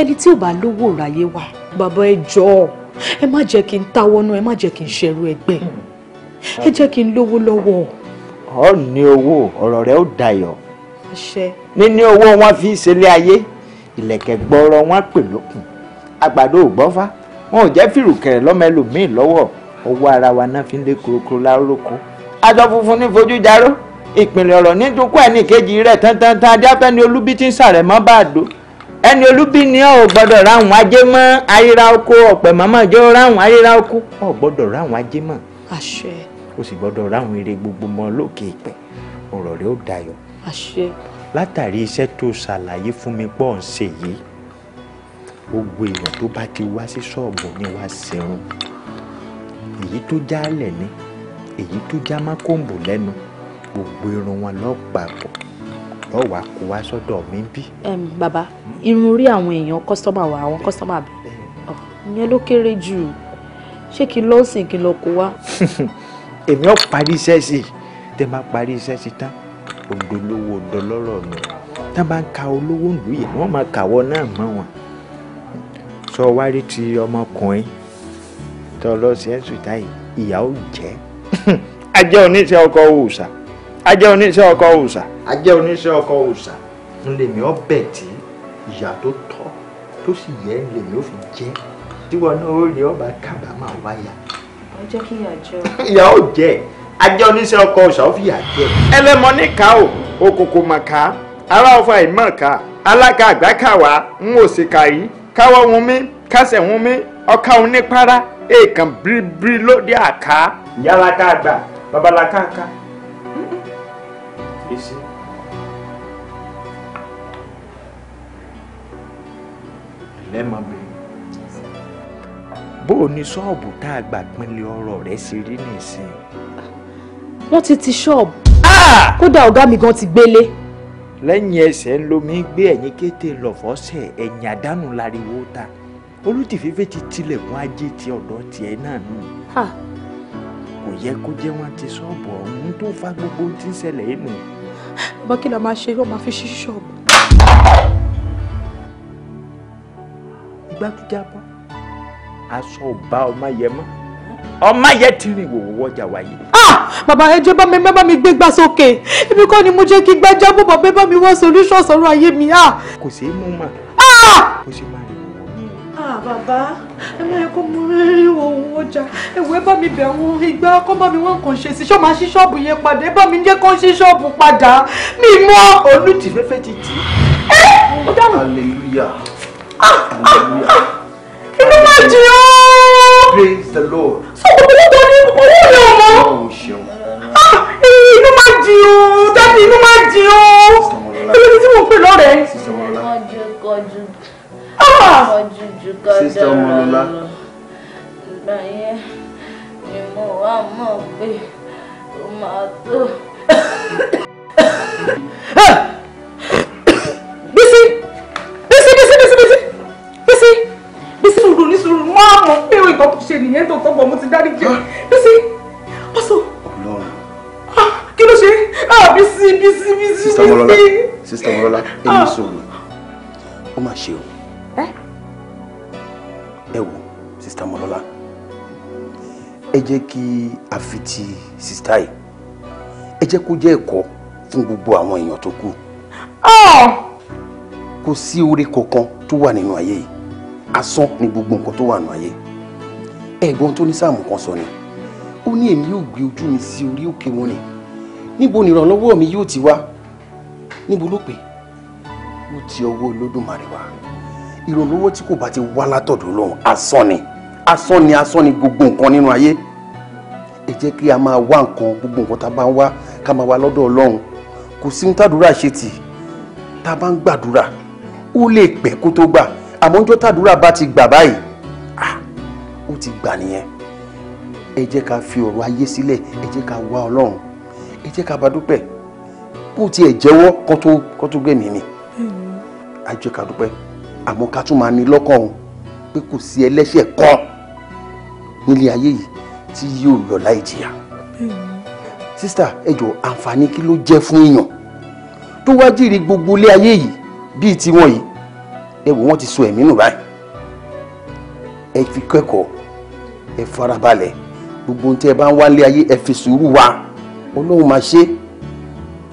ẹni tí ò bá lówó ráyé wà bàbá ẹ jọ̀ọ́ ẹ má jẹ́ kí n táwọ́ náà ẹ má jẹ́ kí n ṣẹrú ẹgbẹ́ ẹ jẹ́ kí n lówó lọ́wọ́.
ọ ní owó ọ̀rọ̀ rẹ ó dayọ̀ níní owó wọn fi ń ṣẹlẹ̀ ayé ìlẹ̀kẹ̀ gbọ́rọ̀ wọn pè lókun àgbàdo ògbọ́fà wọn ò jẹ́ fìrùkẹ̀rẹ̀ lọ́mọ ẹlòmíín lọ́wọ́ owó ara wa náà fi ń lé korokoro lárúkọ aṣọ funfun ní fojú jaró ìpìlẹ̀ ọ̀rọ̀ ní dúkú ẹni kejì rẹ̀ tantantan adáfẹ́ ni olúbí ti ń sàrẹ̀ mọ́ bá àdó ẹni olúbí ni ò gbọ́dọ̀ ráhùn ajé mọ́ ayíra oko ọ̀pẹ̀ mọ́mọ́ jẹ́ ráhùn ayíra oko ò gbọ́dọ̀ ráhùn ajé mọ́ àṣẹ ó sì gbọ́dọ̀ ráhùn ire gbogbo mọ́ lókè ìpẹ́ ọ̀rọ̀ rẹ̀ ó dayọ̀ àṣẹ látàrí iṣẹ́ tó ṣàlàyé fún mi pọ̀ ń ṣe yìí gbogbo èèyàn tó bá ti wá sí ṣọ́ọ̀bù ni wá ṣerun èyí tó jálẹ̀ ni èyí tó já mákòǹbò lẹ́nu gbogbo irun wọn lọ́pàpọ̀ lọ́wọ́ kó wá sọ́dọ̀ mi bí.
bàbá irun orí àwọn èèyàn kọ́sítọ́mà wa àwọn kọ́sítọ́mà bí ìyẹn ló kéré jù ṣé kí n lọ sìn kí n lọ kó wá.
[laughs] èmi ò parí iṣẹ́ sí i tẹ́ máa parí iṣẹ́ sí tán òdòlówó òdòlọ́rọ̀ mi tá a bá ń ka olówó ìlú yìí wọ́n máa kàwọ́ náà mọ́ wọn. sọ wárí ti ọmọkùnrin tọ́ lọ sí ẹ̀sùn táyì ìyá ò jẹ́ [laughs] ajẹ́ oníṣẹ́ ọkọ̀ òòṣà. ajẹ́ oníṣẹ́ ọkọ òòṣà. ajẹ́ oníṣẹ́ ọkọ òòṣà ń lèmi ọbẹ̀ tí ìyá tó tọ́ tó sì yẹ ń ó fi jẹ́ tíwọ náà ó rí ọba kábàámà wáyà.
ẹ kí ìyá jẹ́ o.
ìyá ò jẹ́ ajẹ́ ọkọ òòṣà o fi ya ká ará ọfà ìmọ̀ ká alága àgbà kà wá ń wò sí ká yìí káwọ́ hun mí kásẹ̀ hun mí ọkà ní èèkàn Ese. Ẹlẹ́mọ̀bìnrin. Bó o ní ṣọ́ọ̀bù tá a gbà pinlẹ̀ ọ̀rọ̀ rẹ̀ ṣe rí nìsín?
Wọ́n ti ti ah? Kódà ọ̀gá mi gan
ti gbélé. Lẹ́yìn ẹsẹ̀ ń lomi gbé ẹ̀yìn kété lọ̀fọ́sẹ̀ ẹ̀yìn àdánù láriwo ta. Olútìfífẹ́ ti tilẹ̀kùn ajé ti ọ̀dọ́ tiẹ̀ náà nù kò yẹ kó jẹ́ wọ́n ti ṣọ́ọ̀bù ọ̀hún tó fa gbogbo tí ń ṣẹlẹ̀ inú.
bọ́ kí ló máa ṣe yóò máa fi ṣí ṣọ́ọ̀bù. gbájújábọ́
aṣọ ọba ọmọ yẹ mọ́ ọmọ yẹ ti rìn wò wọ́jà wáyé. Ah!
bàbá ẹ jẹ́ bá mi bá mi gbé gbà sókè ibi kọ́ ni mo jẹ́ kí gbájá bọ̀ bàbá bá mi wá solution sọ̀rọ̀ ayé mi. Ah!
kò sí mú mà.
Ah! kò sí mà bàbá ẹ máa yẹ kó mú rí ọjà ẹ̀wọ̀ ẹ bá mi bẹ̀ wọn ìgbà kọ́ bá mi wọ́n kàn ṣe sí ṣọ́ọ̀mù àṣì ṣọ́ọ̀bù yẹn padà ẹ bá mi jẹ́ kó ṣe ṣọ́ọ̀bù padà mi mọ́ olùdí fẹ́fẹ́ ti tì.
hallelujah ah, ah, hallelujah. Ah. inú máa jì ọ́. praise the lord.
sọ̀rọ̀ kò tó ní owó rẹ̀ mọ́. ọlọ́run ṣeun. inú máa jì ọ́ dábì inú máa
jì ọ́. kí ló dé tí mo pè lọ́rẹ̀ẹ́. sísè wọn lọ. Ojú kan
dára lọ.
Ìgbà yẹn ni mo wá mọ̀ pé ó máa tó. Bísí Bísí Bísí Bísí Bísí Bísí Bísí sùúrù ní sùúrù wọ́n á mọ̀ pé ìgbà kò ṣe nìyẹn tó tọ́gbọ̀ mo ti dárí jẹ. Ah! Bísí pásọ. Ah! Kí ló ṣe? Ah, Bísí Bísí Bísí
Bísí. Sista Mọ́lọ́lá,
Sista Mọ́lọ́lá, èmi sọ̀rọ̀, ó mà ṣe o
ẹ wò sista mọlọlá ẹ jẹ́ kí a fi ti sista yìí ẹ jẹ́ kó jẹ́ ẹ̀kọ́ fún gbogbo àwọn èèyàn tó kù. Oh! kò sí oore kankan tó wà nínú ayé
yìí asán ni gbogbo nǹkan tó wà nínú ayé ẹ̀gbọ́n tó ní sáàmù kan sọ ni
ó ní èmi yóò gbé ojú mi sí orí òkè wọn ni níbo nìrànlọ́wọ́ mi yóò ti wá níbo ló pè ó ti ọwọ́ Olódùmarè wá ìrànlọ́wọ́ tí kò bá ti wá látọ̀dọ̀ lọ́hùn asán ni asán ni asán ni gbogbo nǹkan nínú ayé
ẹ jẹ́ kí a máa wá nǹkan gbogbo nǹkan tá a bá ń wá ká máa wá lọ́dọ̀ ọlọ́run kò sí ní tàdúrà ṣe tì tá a bá ń gbàdúrà ó lè pẹ́ kó tó gbà àmọ́
ọjọ́ tàdúrà bá ti gbà báyìí ó ti gbà nìyẹn ẹ jẹ́
ká fi ọ̀rọ̀ ayé sílẹ̀ ẹ jẹ́ ká wá ọlọ́run ẹ jẹ́ ká bá dúpẹ́ kó tiẹ̀ jẹ́wọ́ kó tó gbẹ̀mí mi a jẹ́ ká dúpẹ́ àmọ́ ká tún máa ní lọ́kàn o pé kò sí ẹlẹ́ṣẹ̀ kan nílé ayé yìí tí yóò lọ láì jìyà sísítà ẹ jọ̀ọ́ àǹfààní kí ló jẹ́ fún èèyàn tó wá jìrì gbogbo ilé ayé yìí bíi tiwọn yìí ẹ wò ti sọ ẹ̀mí nù báyìí ẹ fi kẹ́kọ̀ọ́ ẹ farabalẹ̀ gbogbo
ohun tí ẹ bá ń wálé ayé ẹ fi sùúrù wá ọlọ́run máa ṣe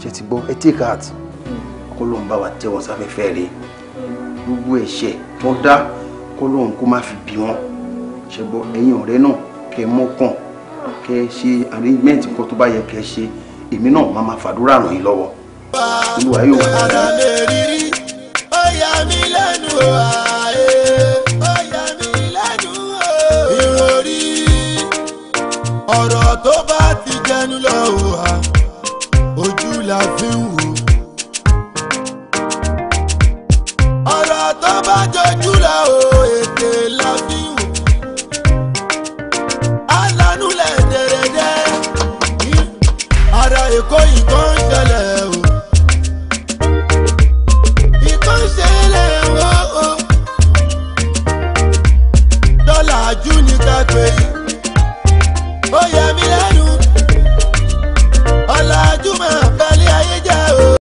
ṣe ti gbọ́ ẹ take heart ọlọ́run bá wa tẹ́ wọn sáfẹ́fẹ́ rèé gbogbo ẹ̀ṣẹ̀ wọ́n dá
kọ́lọ́hún kó má fi bí wọn ṣẹ̀gbọ́ ẹ̀yin ọ̀rẹ́ náà kẹ́ mọ́kàn kẹ́ ṣe arrangement nǹkan tó bá yẹ kẹ́ ṣe èmi náà má má fàdúrà ràn yín lọ́wọ́
olúwa yóò wá.
ó yà mí lẹ́nu ààyè ó yà mí lẹ́nu ìròrí ọ̀rọ̀ tó bá ti jẹnu lọ́wọ́ ojú la fi ń wò.